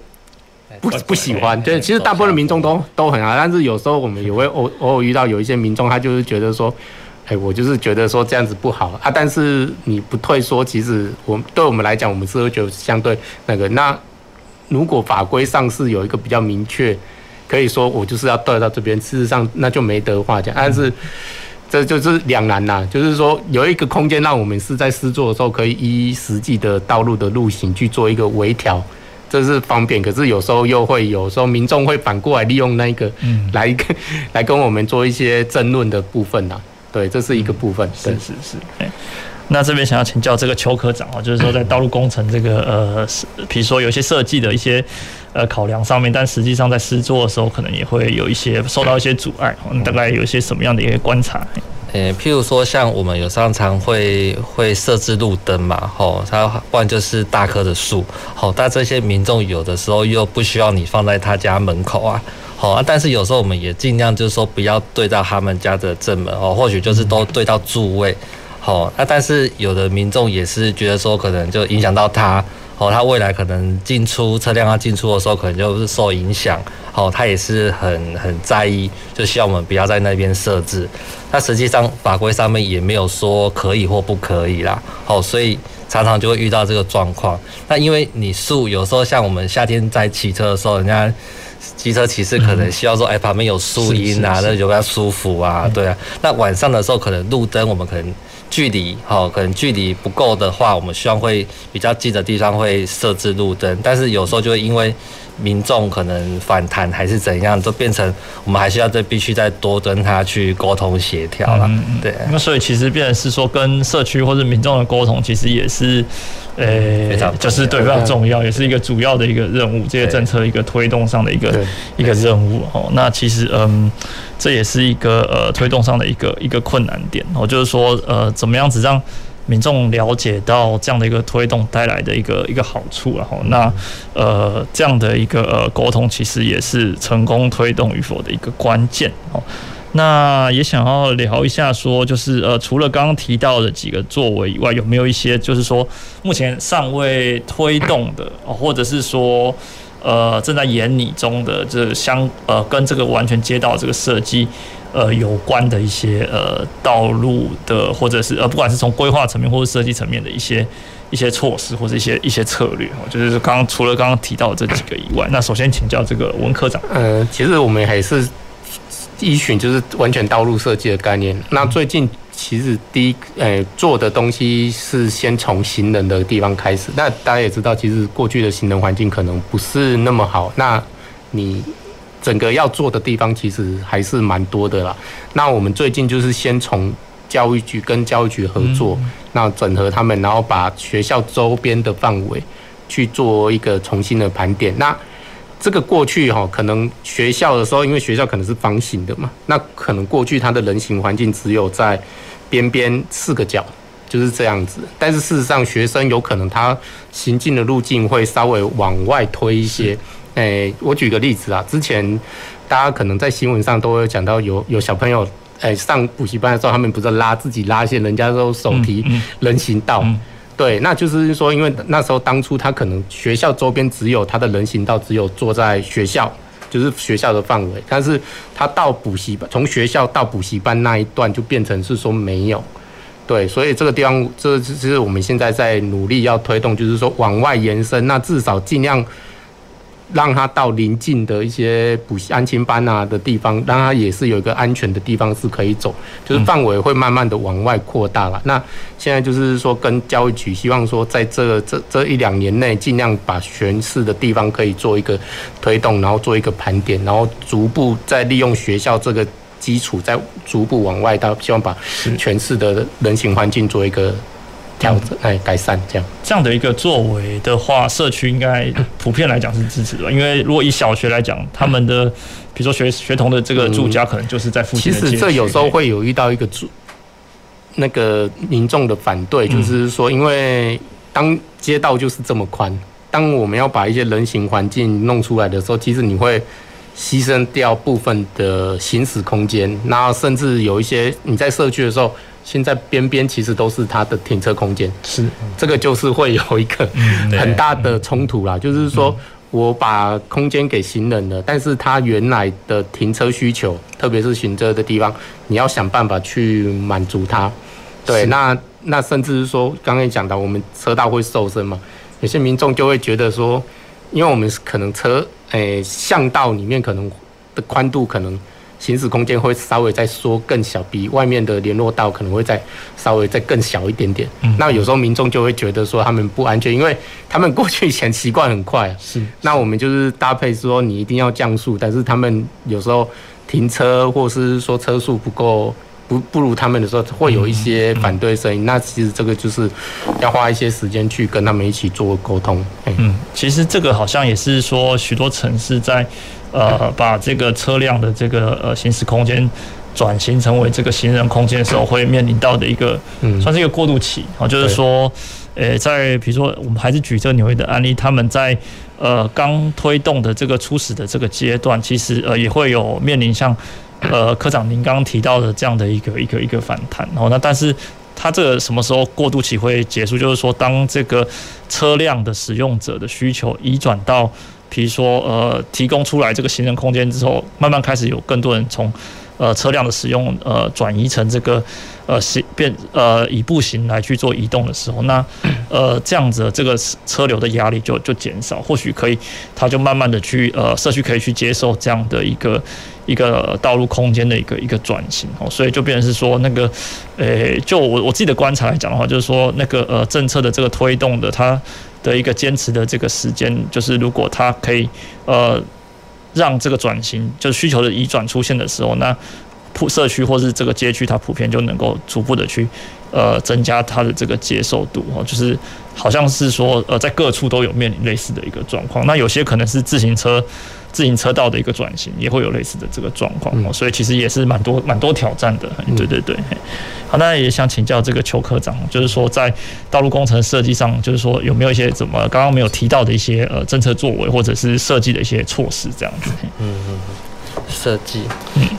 不不喜歡。對，其實大部分的民眾都都很好，但是有時候我們也會偶偶爾遇到有一些民眾，他就是覺得說，哎、欸，我就是覺得說這樣子不好啊。但是你不退縮，其實我對我們來講，我們是會覺得相對那個。那如果法規上是有一個比較明確。可以說我就是要帶到這邊，事實上那就沒得話講。但是這就是兩難吶，嗯、就是說有一個空間讓我們是在施作的時候，可以依實際的道路的路型去做一個微調，這是方便。可是有時候又會，有時候民眾會反過來利用那個來、嗯、來跟我們做一些爭論的部分吶。對，這是一個部分。嗯、對是是是。Okay. 那這邊想要請教這個邱科長啊，就是說在道路工程這個、嗯、呃，比如說有些設計的一些。呃，考量上面，但實際上在施作的時候，可能也會有一些受到一些阻礙。嗯、大概有一些什麼樣的一些觀察？呃、嗯欸，譬如說，像我們有常常會會設置路燈嘛，吼、哦，它不然就是大棵的樹，好、哦，但這些民眾有的時候又不需要你放在他家門口啊，好、哦啊，但是有時候我們也儘量就是說不要對到他們家的正門哦，或許就是都對到柱位，好、嗯，那、哦啊、但是有的民眾也是覺得說可能就影響到他。嗯哦，它未來可能進出車輛，它進出的時候可能就是受影響。哦，它也是很很在意，就希望我們不要在那邊設置。那實際上法規上面也沒有說可以或不可以啦。哦，所以常常就會遇到這個狀況。那因為你樹有時候像我們夏天在騎車的時候，人家機車騎士可能需要說，哎、嗯，旁邊有樹蔭啊，那就比較舒服啊，對啊。那晚上的時候，可能路燈我們可能。距離好，可能距離不夠的話，我們希望會比較近的地方會設置路燈，但是有時候就會因為，民眾可能反彈還是怎樣，都變成我們還是要再必須再多跟他去溝通協調了。嗯、對，那所以其實變成是說，跟社區或者民眾的溝通，其實也是呃，欸、對就是對，非常重要，對也是一個主要的一個任務，對這些政策一個推動上的一個對一個任務。哦對，那其實嗯，這也是一個呃推動上的一個一個困難點。哦，就是說呃，怎麼樣子讓。民眾了解到這樣的一個推動帶來的一個一個好處，然後那呃這樣的一個溝通其實也是成功推動與否的一個關鍵哦。那也想要聊一下，說就是呃除了剛剛提到的幾個作為以外，有沒有一些就是說目前尚未推動的，或者是說呃正在研擬中的這相呃跟這個完全街道的這個設計，呃，有關的一些呃道路的，或者是呃，不管是從規劃層面或者設計層面的一些一些措施，或者一些一些策略，就是剛剛除了剛剛提到的這幾個以外，那首先請教這個溫科長。呃，其實我們還是第一選，就是完全道路設計的概念。嗯、那最近其實第一，呃做的東西是先從行人的地方開始。那大家也知道，其實過去的行人環境可能不是那麼好。那你。整個要做的地方其實還是蠻多的啦。那我們最近就是先從教育局跟教育局合作，嗯、那整合他們，然後把學校周邊的範圍去做一個重新的盤點。那這個過去哈、哦，可能學校的時候，因為學校可能是方形的嘛，那可能過去它的人行環境只有在邊邊四個角就是這樣子。但是事實上，學生有可能他行進的路徑會稍微往外推一些。哎、欸，我舉個例子啊，之前大家可能在新聞上都會講到有，有有小朋友，誒、欸，上補習班的時候，他們不是拉自己拉線，人家都手提人行道，嗯嗯對，那就是說，因為那時候當初他可能學校周邊只有他的人行道，只有坐在學校，就是學校的範圍，但是他到補習班，從學校到補習班那一段就變成是說沒有，對，所以這個地方，這這是我們現在在努力要推動，就是說往外延伸，那至少盡量。讓他到臨近的一些補習安親班啊的地方，讓他也是有一個安全的地方是可以走，就是範圍會慢慢的往外擴大了。嗯、那現在就是說，跟教育局希望說，在這這這一兩年內，盡量把全市的地方可以做一個推動，然後做一個盤點，然後逐步再利用學校這個基礎，再逐步往外到希望把全市的人行環境做一個。調整來改善這樣這樣的一個作為的話，社區應該普遍來講是支持的。因為如果以小學來講，他們的比如說學學童的這個住家，嗯，可能就是在附近的。其實這有時候會有遇到一個住那個民眾的反對，就是說，因為當街道就是這麼寬，嗯，當我們要把一些人行環境弄出來的時候，其實你會犧牲掉部分的行駛空間，那甚至有一些你在社區的時候。現在邊邊其實都是它的停車空間，是這個就是會有一個很大的衝突啦，嗯、就是說我把空間給行人了，嗯、但是它原來的停車需求，特別是行車的地方，你要想辦法去滿足它。是對，那那甚至是說，剛剛講到我們車道會瘦身嘛，有些民眾就會覺得說，因為我們可能車，誒、欸，巷道裡面可能的寬度可能。行駛空間會稍微再縮更小，比外面的聯絡道可能會再稍微再更小一點點。嗯，那有時候民眾就會覺得說他們不安全，因為他們過去以前習慣很快。是，是，那我們就是搭配說你一定要降速，但是他們有時候停車或是說車速不夠，不，不如他們的時候，會有一些反對聲音。嗯，嗯，那其實這個就是要花一些時間去跟他們一起做溝通。嗯，其實這個好像也是說許多城市在。呃，把這個車輛的這個呃行駛空間轉型成為這個行人空間的時候，會面臨到的一個，算是一個過渡期。哦，就是說，呃，在比如說我們還是舉這紐約的案例，他們在呃剛推動的這個初始的這個階段，其實呃也會有面臨像呃科長您剛剛提到的這樣的一個一個一個反彈。然後那但是它這個什麼時候過渡期會結束？就是說當這個車輛的使用者的需求移轉到。比如說，呃，提供出來這個行人空間之後，慢慢開始有更多人從，呃，車輛的使用，呃，轉移成這個。呃，行變呃，以步行來去做移動的時候，那呃，這樣子這個車流的壓力就就減少，或許可以，它就慢慢的去呃，社區可以去接受這樣的一個一個道路空間的一個一個轉型哦，所以就變成是說那個，誒、欸，就我我自己的觀察來講的話，就是說那個呃政策的這個推動的它的一個堅持的這個時間，就是如果它可以呃讓這個轉型就是需求的移轉出現的時候，那。普社區或是這個街區，它普遍就能夠逐步的去呃增加它的這個接受度哦，就是好像是說呃在各處都有面臨類似的一個狀況。那有些可能是自行車自行車道的一個轉型，也會有類似的這個狀況哦，所以其實也是蠻多蠻多挑戰的。對對對，好，那也想請教這個邱科長，就是說在道路工程設計上，就是說有沒有一些怎麼剛剛沒有提到的一些呃政策作為，或者是設計的一些措施這樣子？嗯嗯，嗯。嗯設計，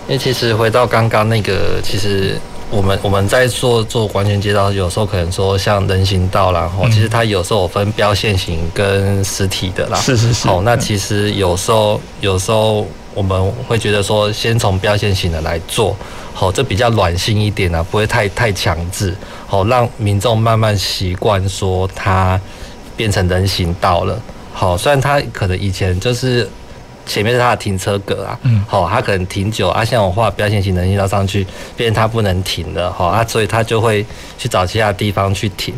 因為其實回到剛剛那個，其實我們我們在做做完全街道，有時候可能說像人行道啦，吼，其實它有時候有分標線型跟實體的啦。是是是。好，那其實有時候有時候我們會覺得說，先從標線型的來做，好，這比較軟性一點啊，不會太太強制，好讓民眾慢慢習慣說它變成人行道了。好，雖然它可能以前就是。前面是它的停車格啊，好、嗯，它、哦、可能停久啊，現在我畫標線型人行道上去，變成它不能停了，好、哦，啊所以它就會去找其他地方去停。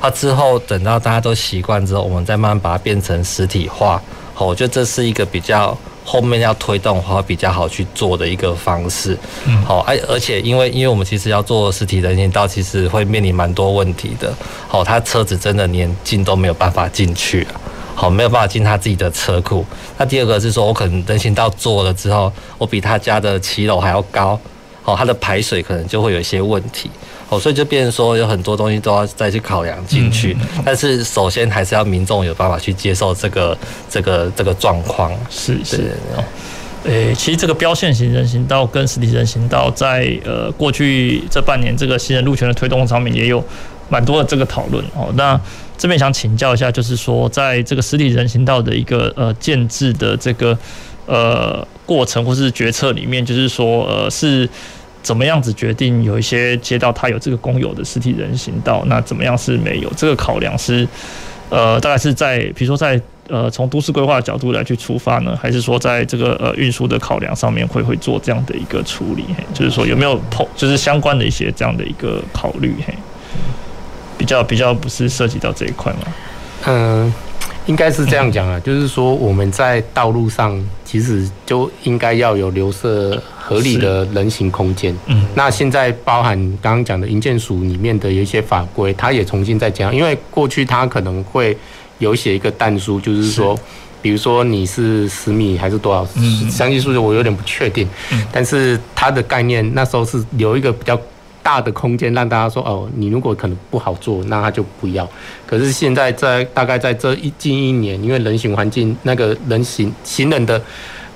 啊之後等到大家都習慣之後，我們再慢慢把它變成實體化，好、哦，我覺得這是一個比較後面要推動或比較好去做的一個方式，好、嗯，而、哦啊、而且因為因為我們其實要做實體人行道，其實會面臨蠻多問題的，好、哦，它車子真的連進都沒有辦法進去啊。好，沒有辦法進他自己的車庫。那第二個是說，我可能人行道做了之後，我比他家的騎樓還要高。好，他的排水可能就會有一些問題。好，所以就變成說，有很多東西都要再去考量進去。嗯、但是首先還是要民眾有辦法去接受這個、嗯、這個、這個、這個狀況。是是誒，對嗯、其實這個標線型人行道跟實體人行道在，在呃過去這半年這個行人路權的推動上面，也有蠻多的這個討論。哦，那。這邊想請教一下，就是說，在這個實體人行道的一個呃建置的這個呃過程或是決策裡面，就是說呃是怎麼樣子決定有一些街道它有這個公有的實體人行道，那怎麼樣是沒有這個考量，是呃大概是在比如說在呃從都市規劃的角度來去出發呢，還是說在這個呃運輸的考量上面會會做這樣的一個處理？就是說有沒有就是相關的一些這樣的一個考慮？比較比較不是涉及到這一塊嘛，嗯，應該是這樣講啊，嗯、就是說我們在道路上其實就應該要有留設合理的人行空間。嗯，那現在包含剛剛講的營建署裡面的有一些法規，它也重新在講，因為過去它可能會有寫一個但書，就是說，是比如說你是十米還是多少？嗯，詳細數據我有點不確定。嗯，但是它的概念那時候是留一個比較。大的空間讓大家說哦，你如果可能不好做，那他就不要。可是現在在大概在這一近一年，因為人行環境那個人行行人的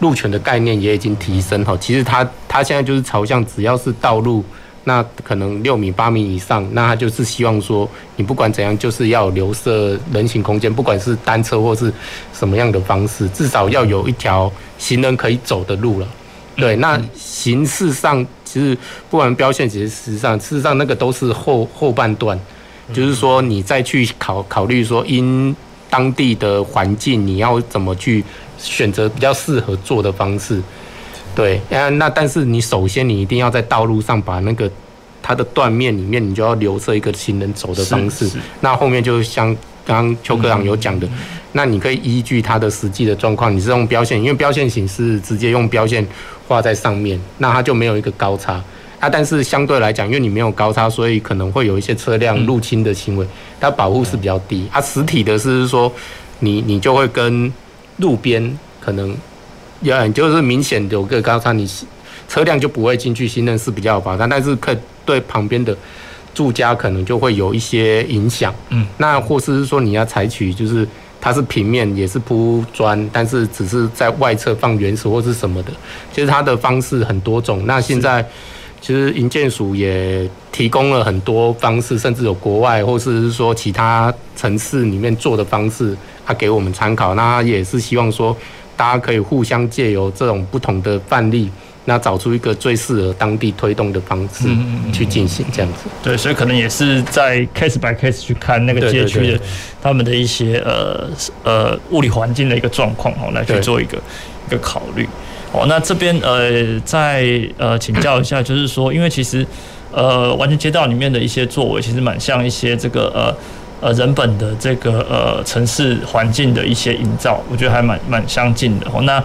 路權的概念也已經提升哈。其實他他現在就是朝向，只要是道路，那可能六米八米以上，那他就是希望說，你不管怎樣，就是要留設人行空間，不管是單車或是什麼樣的方式，至少要有一條行人可以走的路了。嗯、對，那形式上。其實，不管標線，其實事實上，事實上那個都是後後半段，嗯、就是說你再去考考慮說，因當地的環境，你要怎麼去選擇比較適合做的方式。是對，那但是你首先你一定要在道路上把那個它的斷面裡面，你就要留設一個行人走的方式。那後面就像剛剛邱科長有講的。嗯嗯嗯那你可以依據它的實際的狀況，你是用標線，因為標線型是直接用標線畫在上面，那它就沒有一個高差啊。但是相對來講，因為你沒有高差，所以可能會有一些車輛入侵的行為，嗯、它保護是比較低。它、嗯啊、實體的是說，你你就會跟路邊可能，要就是明顯有個高差，你車輛就不會進去，行人是比較有保障，但是可對旁邊的住家可能就會有一些影響。嗯，那或是說你要採取就是。它是平面，也是鋪磚，但是只是在外側放原石或是什麼的，其實它的方式很多種。那現在是其實營建署也提供了很多方式，甚至有國外或是說其他城市裡面做的方式，它給我們參考。那也是希望說大家可以互相借由這種不同的範例。那找出一個最適合當地推動的方式去進行這樣子。嗯嗯嗯。對，所以可能也是在 case by case 去看那個街區的對對對對他們的一些呃呃物理環境的一個狀況哦，來去做一個對一個考慮哦。那這邊呃，再呃請教一下，就是說，因為其實呃，完全街道裡面的一些作為，其實蠻像一些這個呃呃人本的這個呃城市環境的一些營造，我覺得還蠻蠻相近的哦。那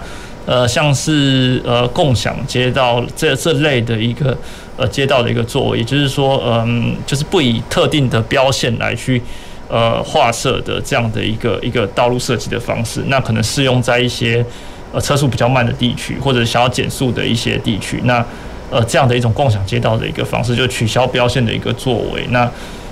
呃，像是呃共享街道這這類的一個呃街道的一個作為，也就是說，嗯、呃，就是不以特定的標線來去呃劃設的這樣的一個一個道路設計的方式，那可能適用在一些呃車速比較慢的地區或者想要減速的一些地區，那呃這樣的一種共享街道的一個方式，就取消標線的一個作為，那。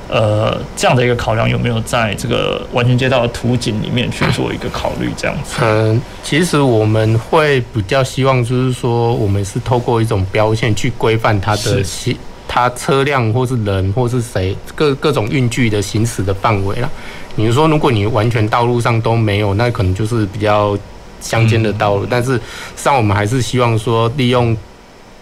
呃，這樣的一個考量，有沒有在這個完全街道的圖景裡面去做一個考慮？這樣子？嗯，其實我們會比較希望，就是說，我們是透過一種標線去規範它的行，是它車輛或是人或是誰各各種運具的行駛的範圍啦。你說，如果你完全道路上都沒有，那可能就是比較鄉間的道路。嗯、但是，像我們還是希望說利用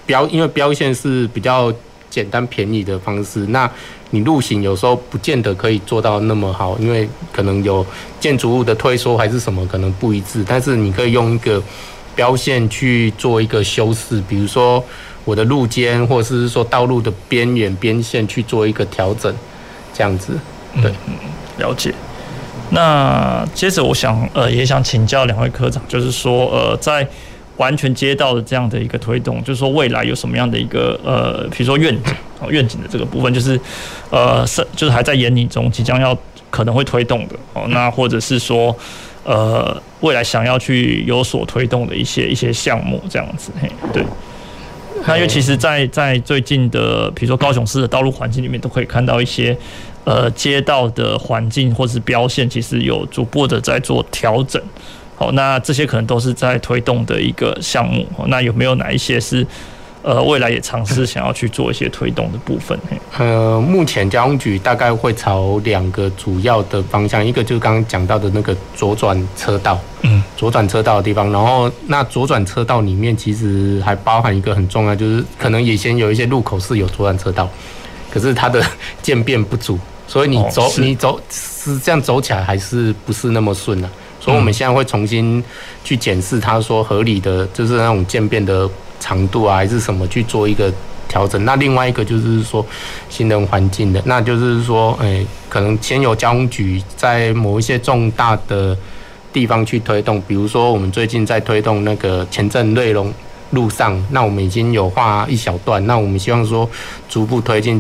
標，因為標線是比較。簡單便宜的方式，那你路型有時候不見得可以做到那麼好，因為可能有建築物的退縮還是什麼，可能不一致。但是你可以用一個標線去做一個修飾，比如說我的路肩或者是說道路的邊緣邊線去做一個調整，這樣子。對，嗯，了解。那接着我想，呃，也想請教兩位科長，就是說，呃，在。完全街道的這樣的一個推動，就是說未來有什麼樣的一個呃，比如說願景哦，願景的這個部分，就是呃是就是還在研擬中，即將要可能會推動的哦，那或者是說呃未來想要去有所推動的一些一些項目這樣子，嘿，對。那因為其實在在最近的比如說高雄市的道路環境裡面，都可以看到一些呃街道的環境或是標線，其實有逐步的在做調整。好，那這些可能都是在推動的一個項目。那有沒有哪一些是呃未來也嘗試想要去做一些推動的部分呢？呃，目前交通局大概會朝兩個主要的方向，一個就是剛剛講到的那個左轉車道，嗯，左轉車道的地方。然後那左轉車道裡面其實還包含一個很重要，就是可能以前有一些路口是有左轉車道，嗯、可是它的漸變不足，所以你走、哦、你走是這樣走起來還是不是那麼順呢、啊？所以我們現在會重新去檢視，他說合理的，就是那種漸變的長度啊，還是什麼去做一個調整。那另外一個就是說，行人環境的，那就是說，誒、欸，可能先由交通局在某一些重大的地方去推動，比如說我們最近在推動那個前鎮瑞隆路上，那我們已經有畫一小段，那我們希望說逐步推進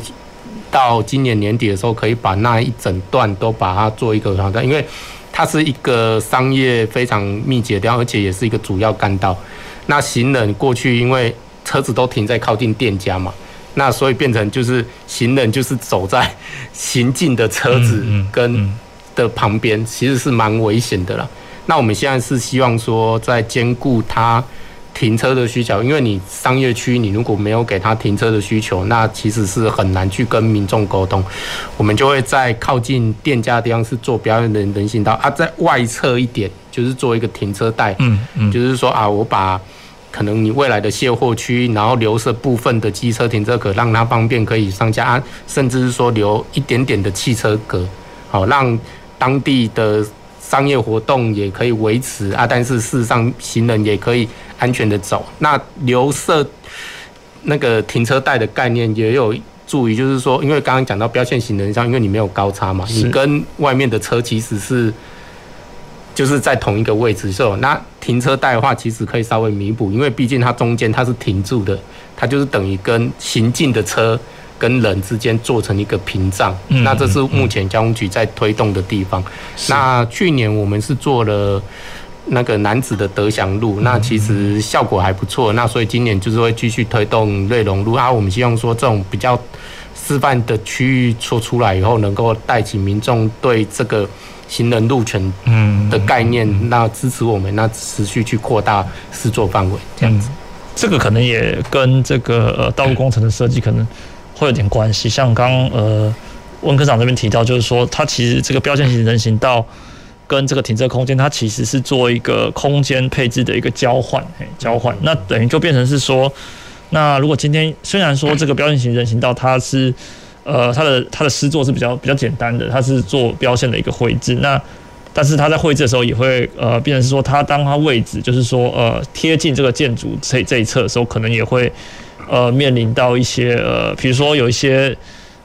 到今年年底的時候，可以把那一整段都把它做一個改善，因為。它是一個商業非常密集的，而且也是一個主要幹道。那行人過去，因為車子都停在靠近店家嘛，那所以變成就是行人就是走在行進的車子跟的旁邊，其實是蠻危險的了。那我們現在是希望說，在兼顧它。停車的需求，因為你商業區，你如果沒有給他停車的需求，那其實是很難去跟民眾溝通。我們就會在靠近店家的地方是做表演的人行道，啊，在外側一點就是做一個停車帶，嗯，嗯嗯，就是說啊，我把可能你未來的卸貨區，然後留設部分的機車停車格，讓他方便可以上下，啊，甚至是說留一點點的汽車格，好，哦，讓當地的。商業活動也可以維持啊，但是事實上行人也可以安全的走。那留色那個停車帶的概念也有助於，就是說，因為剛剛講到標線行人上，因為你沒有高差嘛，是你跟外面的車其實是就是在同一個位置上。那停車帶的話，其實可以稍微彌補，因為畢竟它中間它是停住的，它就是等於跟行進的車。跟人之間做成一個屏障，嗯嗯嗯那這是目前交通局在推動的地方。是那去年我們是做了那個楠梓的德祥路，嗯嗯那其實效果還不錯。那所以今年就是會繼續推動瑞隆路啊。我們希望說，這種比較示範的區域做出來以後，能夠帶起民眾對這個行人路權嗯的概念，嗯嗯嗯嗯那支持我們那持續去擴大試作範圍這樣子，嗯。這個可能也跟這個呃道路工程的設計可能，會有點關係，像剛呃溫科長這邊提到，就是說它其實這個標線型人行道跟這個停車空間，它其實是做一個空間配置的一個交換，誒、欸，交換。那等於就變成是說，那如果今天雖然說這個標線型人行道它是呃它的它的施作是比較比較簡單的，它是做標線的一個繪製，那但是它在繪製的時候也會呃變成是說，它當它位置就是說呃貼近這個建築這這一側的時候，可能也會。呃，面臨到一些呃，比如說有一些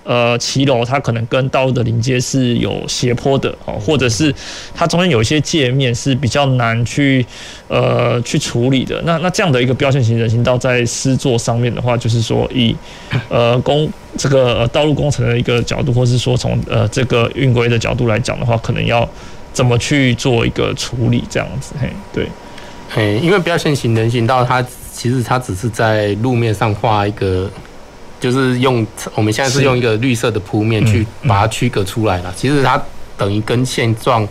呃騎樓，它可能跟道路的連接是有斜坡的哦，或者是它中間有一些界面是比較難去呃去處理的。那那這樣的一個標線型人行道在施作上面的話，就是說以呃工這個、呃、道路工程的一個角度，或是說從呃這個運規的角度來講的話，可能要怎麼去做一個處理這樣子？嘿，對，嘿，因為標線型人行道它。其實它只是在路面上畫一個，就是用我們現在是用一個綠色的鋪面去把它區隔出來了。其實它等於跟現狀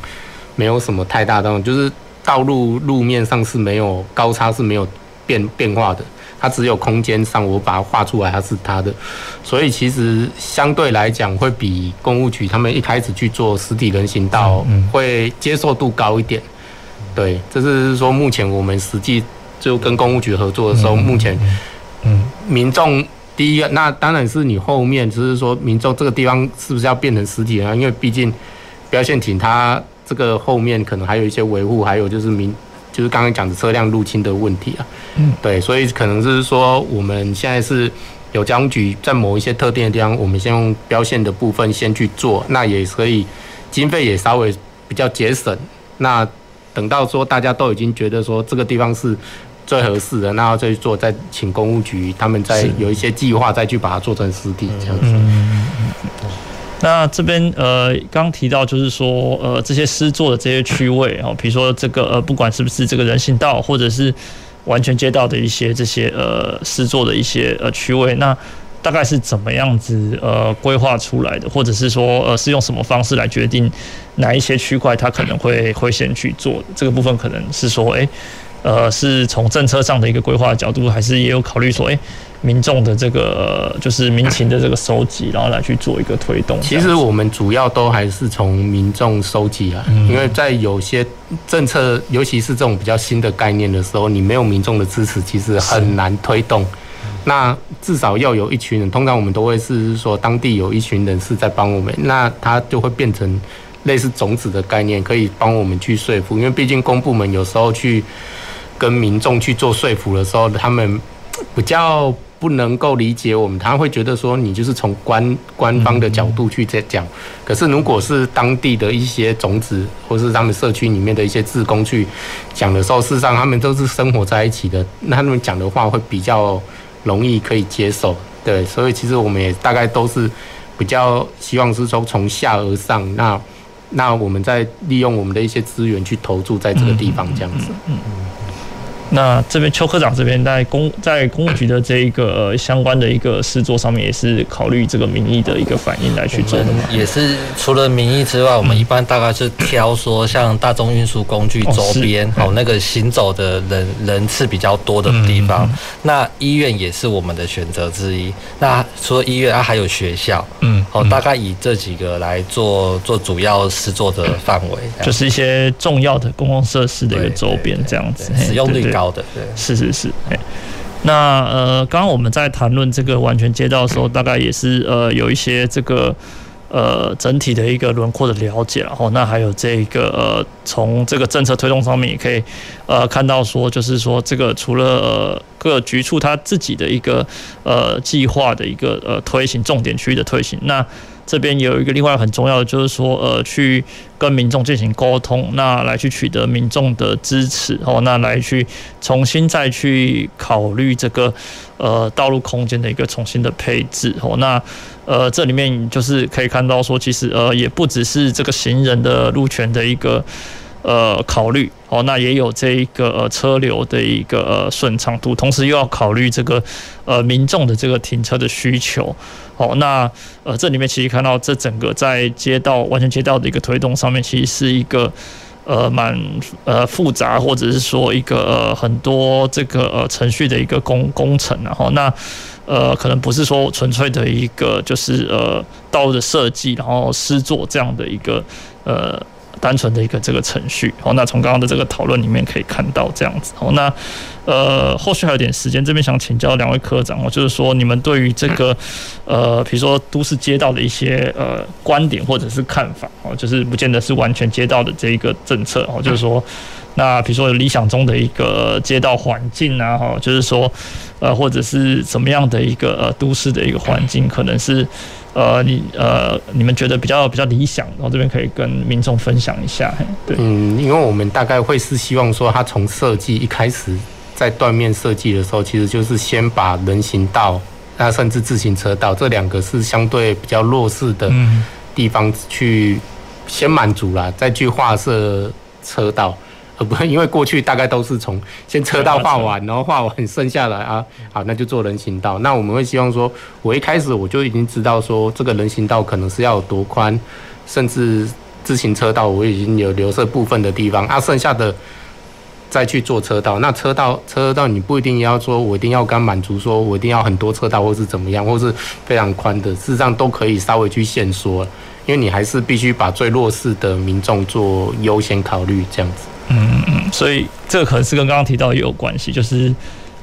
沒有什麼太大的，就是道路路面上是沒有高差，是沒有變變化的。它只有空間上，我把它畫出來，它是它的。所以其實相對來講，會比工務局他們一開始去做實體人行道會接受度高一點。對，這是說目前我們實際。就跟工務局合作的時候，目前，嗯，民眾第一個那當然是你後面，就是說民眾這個地方是不是要變成實體啊？因為畢竟標線型它這個後面可能還有一些維護，還有就是民就是剛剛講的車輛入侵的問題啊。嗯，對，所以可能就是說我們現在是有將局，在某一些特定的地方，我們先用標線的部分先去做，那也可以經費也稍微比較節省。那等到說大家都已經覺得說這個地方是。最合適的，那再去做，再請工務局他們再有一些計劃，再去把它做成實體。這樣子，嗯嗯嗯。那這邊呃，剛提到就是說呃，這些施作的這些區位哦，比如說這個呃，不管是不是這個人行道，或者是完全街道的一些這些呃施作的一些呃區、呃、位，那大概是怎麼樣子呃規劃出來的，或者是說呃是用什麼方式來決定哪一些區塊它可能會、嗯、會先去做這個部分，可能是說誒。欸呃，是從政策上的一個規劃角度，還是也有考慮說，誒、欸，民眾的這個就是民情的這個收集，然後來去做一個推動。其實我們主要都還是從民眾收集啊，因為在有些政策，尤其是這種比較新的概念的時候，你沒有民眾的支持，其實很難推動。是那至少要有一群人，通常我們都會是說，當地有一群人是在幫我們，那他就會變成類似種子的概念，可以幫我們去說服。因為畢竟公部門有時候去。跟民眾去做說服的時候，他們比較不能夠理解我們，他們會覺得說你就是從官官方的角度去在講。可是如果是當地的一些種子，或是他們社區裡面的一些志工去講的時候，事實上他們都是生活在一起的，那他們講的話會比較容易可以接受。對，所以其實我們也大概都是比較希望是說，從下而上。那那我們在利用我們的一些資源去投注在這個地方，這樣子。嗯。嗯嗯那這邊邱科長這邊在公在公務局的這一個、呃、相關的一個事做上面，也是考慮這個民意的一個反應來去做的嘛？也是除了民意之外，嗯、我們一般大概是挑說像大眾運輸工具週邊，哦、好那個行走的人人次比較多的地方。嗯、那醫院也是我們的選擇之一。那除了醫院啊，還有學校，嗯。哦，大概以這幾個來做做主要施作的範圍，就是一些重要的公共設施的一個周邊這樣子。對對對對，使用率高的。對，對，對，是是是。好那呃，剛剛我們在談論這個完全街道的時候，大概也是呃有一些這個。呃，整體的一個輪廓的了解，然後那還有這個呃，從這個政策推動上面也可以呃看到說，就是說這個除了、呃、各局處他自己的一個呃計劃的一個呃推行，重點區域的推行那。這邊有一個另外一個很重要的，就是說，呃，去跟民眾進行溝通，那來去取得民眾的支持哦，那來去重新再去考慮這個，呃，道路空間的一個重新的配置哦，那呃，這裡面就是可以看到說，其實呃，也不只是這個行人的路權的一個。呃，考慮哦，那也有這一個、呃、車流的一個呃、順暢度，同時又要考慮這個呃民眾的這個停車的需求，哦，那呃這裡面其實看到這整個在街道完全街道的一個推動上面，其實是一個呃蠻呃複雜，或者是說一個、呃、很多這個呃程序的一個工工程然後、啊、哦、那呃可能不是說純粹的一個就是呃道路的設計，然後施作這樣的一個呃。單純的一個這個程序，好。那從剛剛的這個討論裡面可以看到這樣子，好，那呃，後續還有點時間，這邊想請教兩位科長，哦，就是說，你們對於這個呃，比如說都市街道的一些呃觀點或者是看法，哦，就是不見得是完全街道的這一個政策，哦，就是說，那比如說理想中的一個街道環境啊，哈，就是說，呃，或者是怎麼樣的一個呃，都市的一個環境，可能是。呃，你呃，你們覺得比較比較理想，然後這邊可以跟民眾分享一下。對，嗯，因為我們大概會是希望說，它從設計一開始，在斷面設計的時候，其實就是先把人行道，那甚至自行車道這兩個是相對比較弱勢的地方去先滿足了，再去劃設車道。不會，因為過去大概都是從先車道畫完，然後畫完剩下來啊，好，那就做人行道。那我們會希望說，我一開始我就已經知道說，這個人行道可能是要有多寬，甚至自行車道，我已經有留設部分的地方啊，剩下的再去做車道。那車道車道你不一定要說，我一定要剛滿足說，我一定要很多車道或是怎麼樣，或是非常寬的，事實上都可以稍微去限縮。因為你還是必須把最弱勢的民眾做優先考慮，這樣子嗯。嗯嗯嗯。所以這個可能是跟剛剛提到也有關係，就是，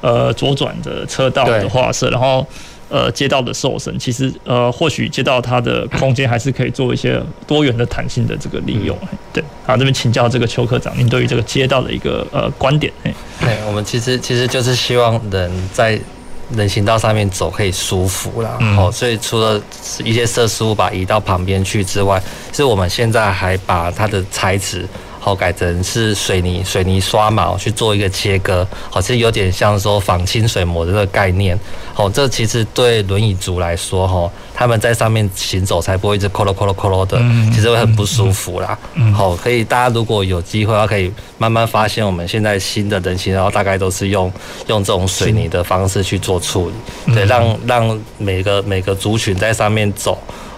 呃，左轉的車道的劃設，對然後呃，街道的瘦身，其實呃，或許街道它的空間還是可以做一些多元的彈性的這個利用。嗯、對，好、啊，這邊請教這個邱科長，您對於這個街道的一個呃觀點。哎，我們其實其實就是希望能在。人行道上面走可以舒服啦，哦，所以除了一些設施把移到旁邊去之外，是我們現在還把它的材質。好、哦，改成是水泥，水泥刷毛去做一個切割，好、哦、像有點像說仿清水模的這個概念。好、哦，這其實對輪椅族來說，哈、哦，他們在上面行走才不會一直咯咯咯咯咯的，嗯、其實會很不舒服啦。好、嗯嗯嗯哦，可以大家如果有機會的話，可以慢慢發現我們現在新的人行，然後大概都是用用這種水泥的方式去做處理，嗯、對，讓讓每個每個族群在上面走，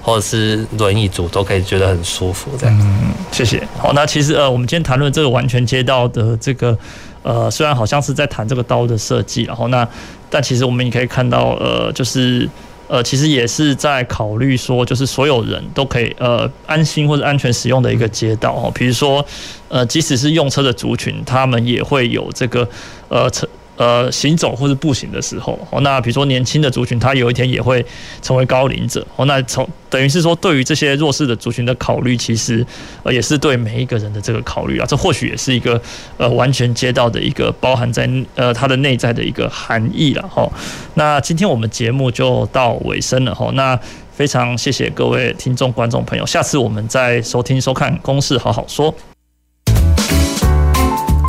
或者是輪椅族都可以覺得很舒服，這樣。嗯，謝謝。好，那其實呃，我們今天談論這個完全街道的這個呃，雖然好像是在談這個道路的設計，然後呢，但其實我們也可以看到呃，就是呃，其實也是在考慮說，就是所有人都可以呃安心或者安全使用的一個街道哦。比如說呃，即使是用車的族群，他們也會有這個呃車。呃，行走或是步行的時候，那比如說年輕的族群，他有一天也會成為高齡者，哦，那從等於是說，對於這些弱勢的族群的考慮，其實呃也是對每一個人的這個考慮啊，這或許也是一個呃完全街道的一個包含在呃它的內在的一個含義了，哈，那今天我們節目就到尾聲了，哈，那非常謝謝各位聽眾、觀眾朋友，下次我們再收聽、收看《公事好好說》。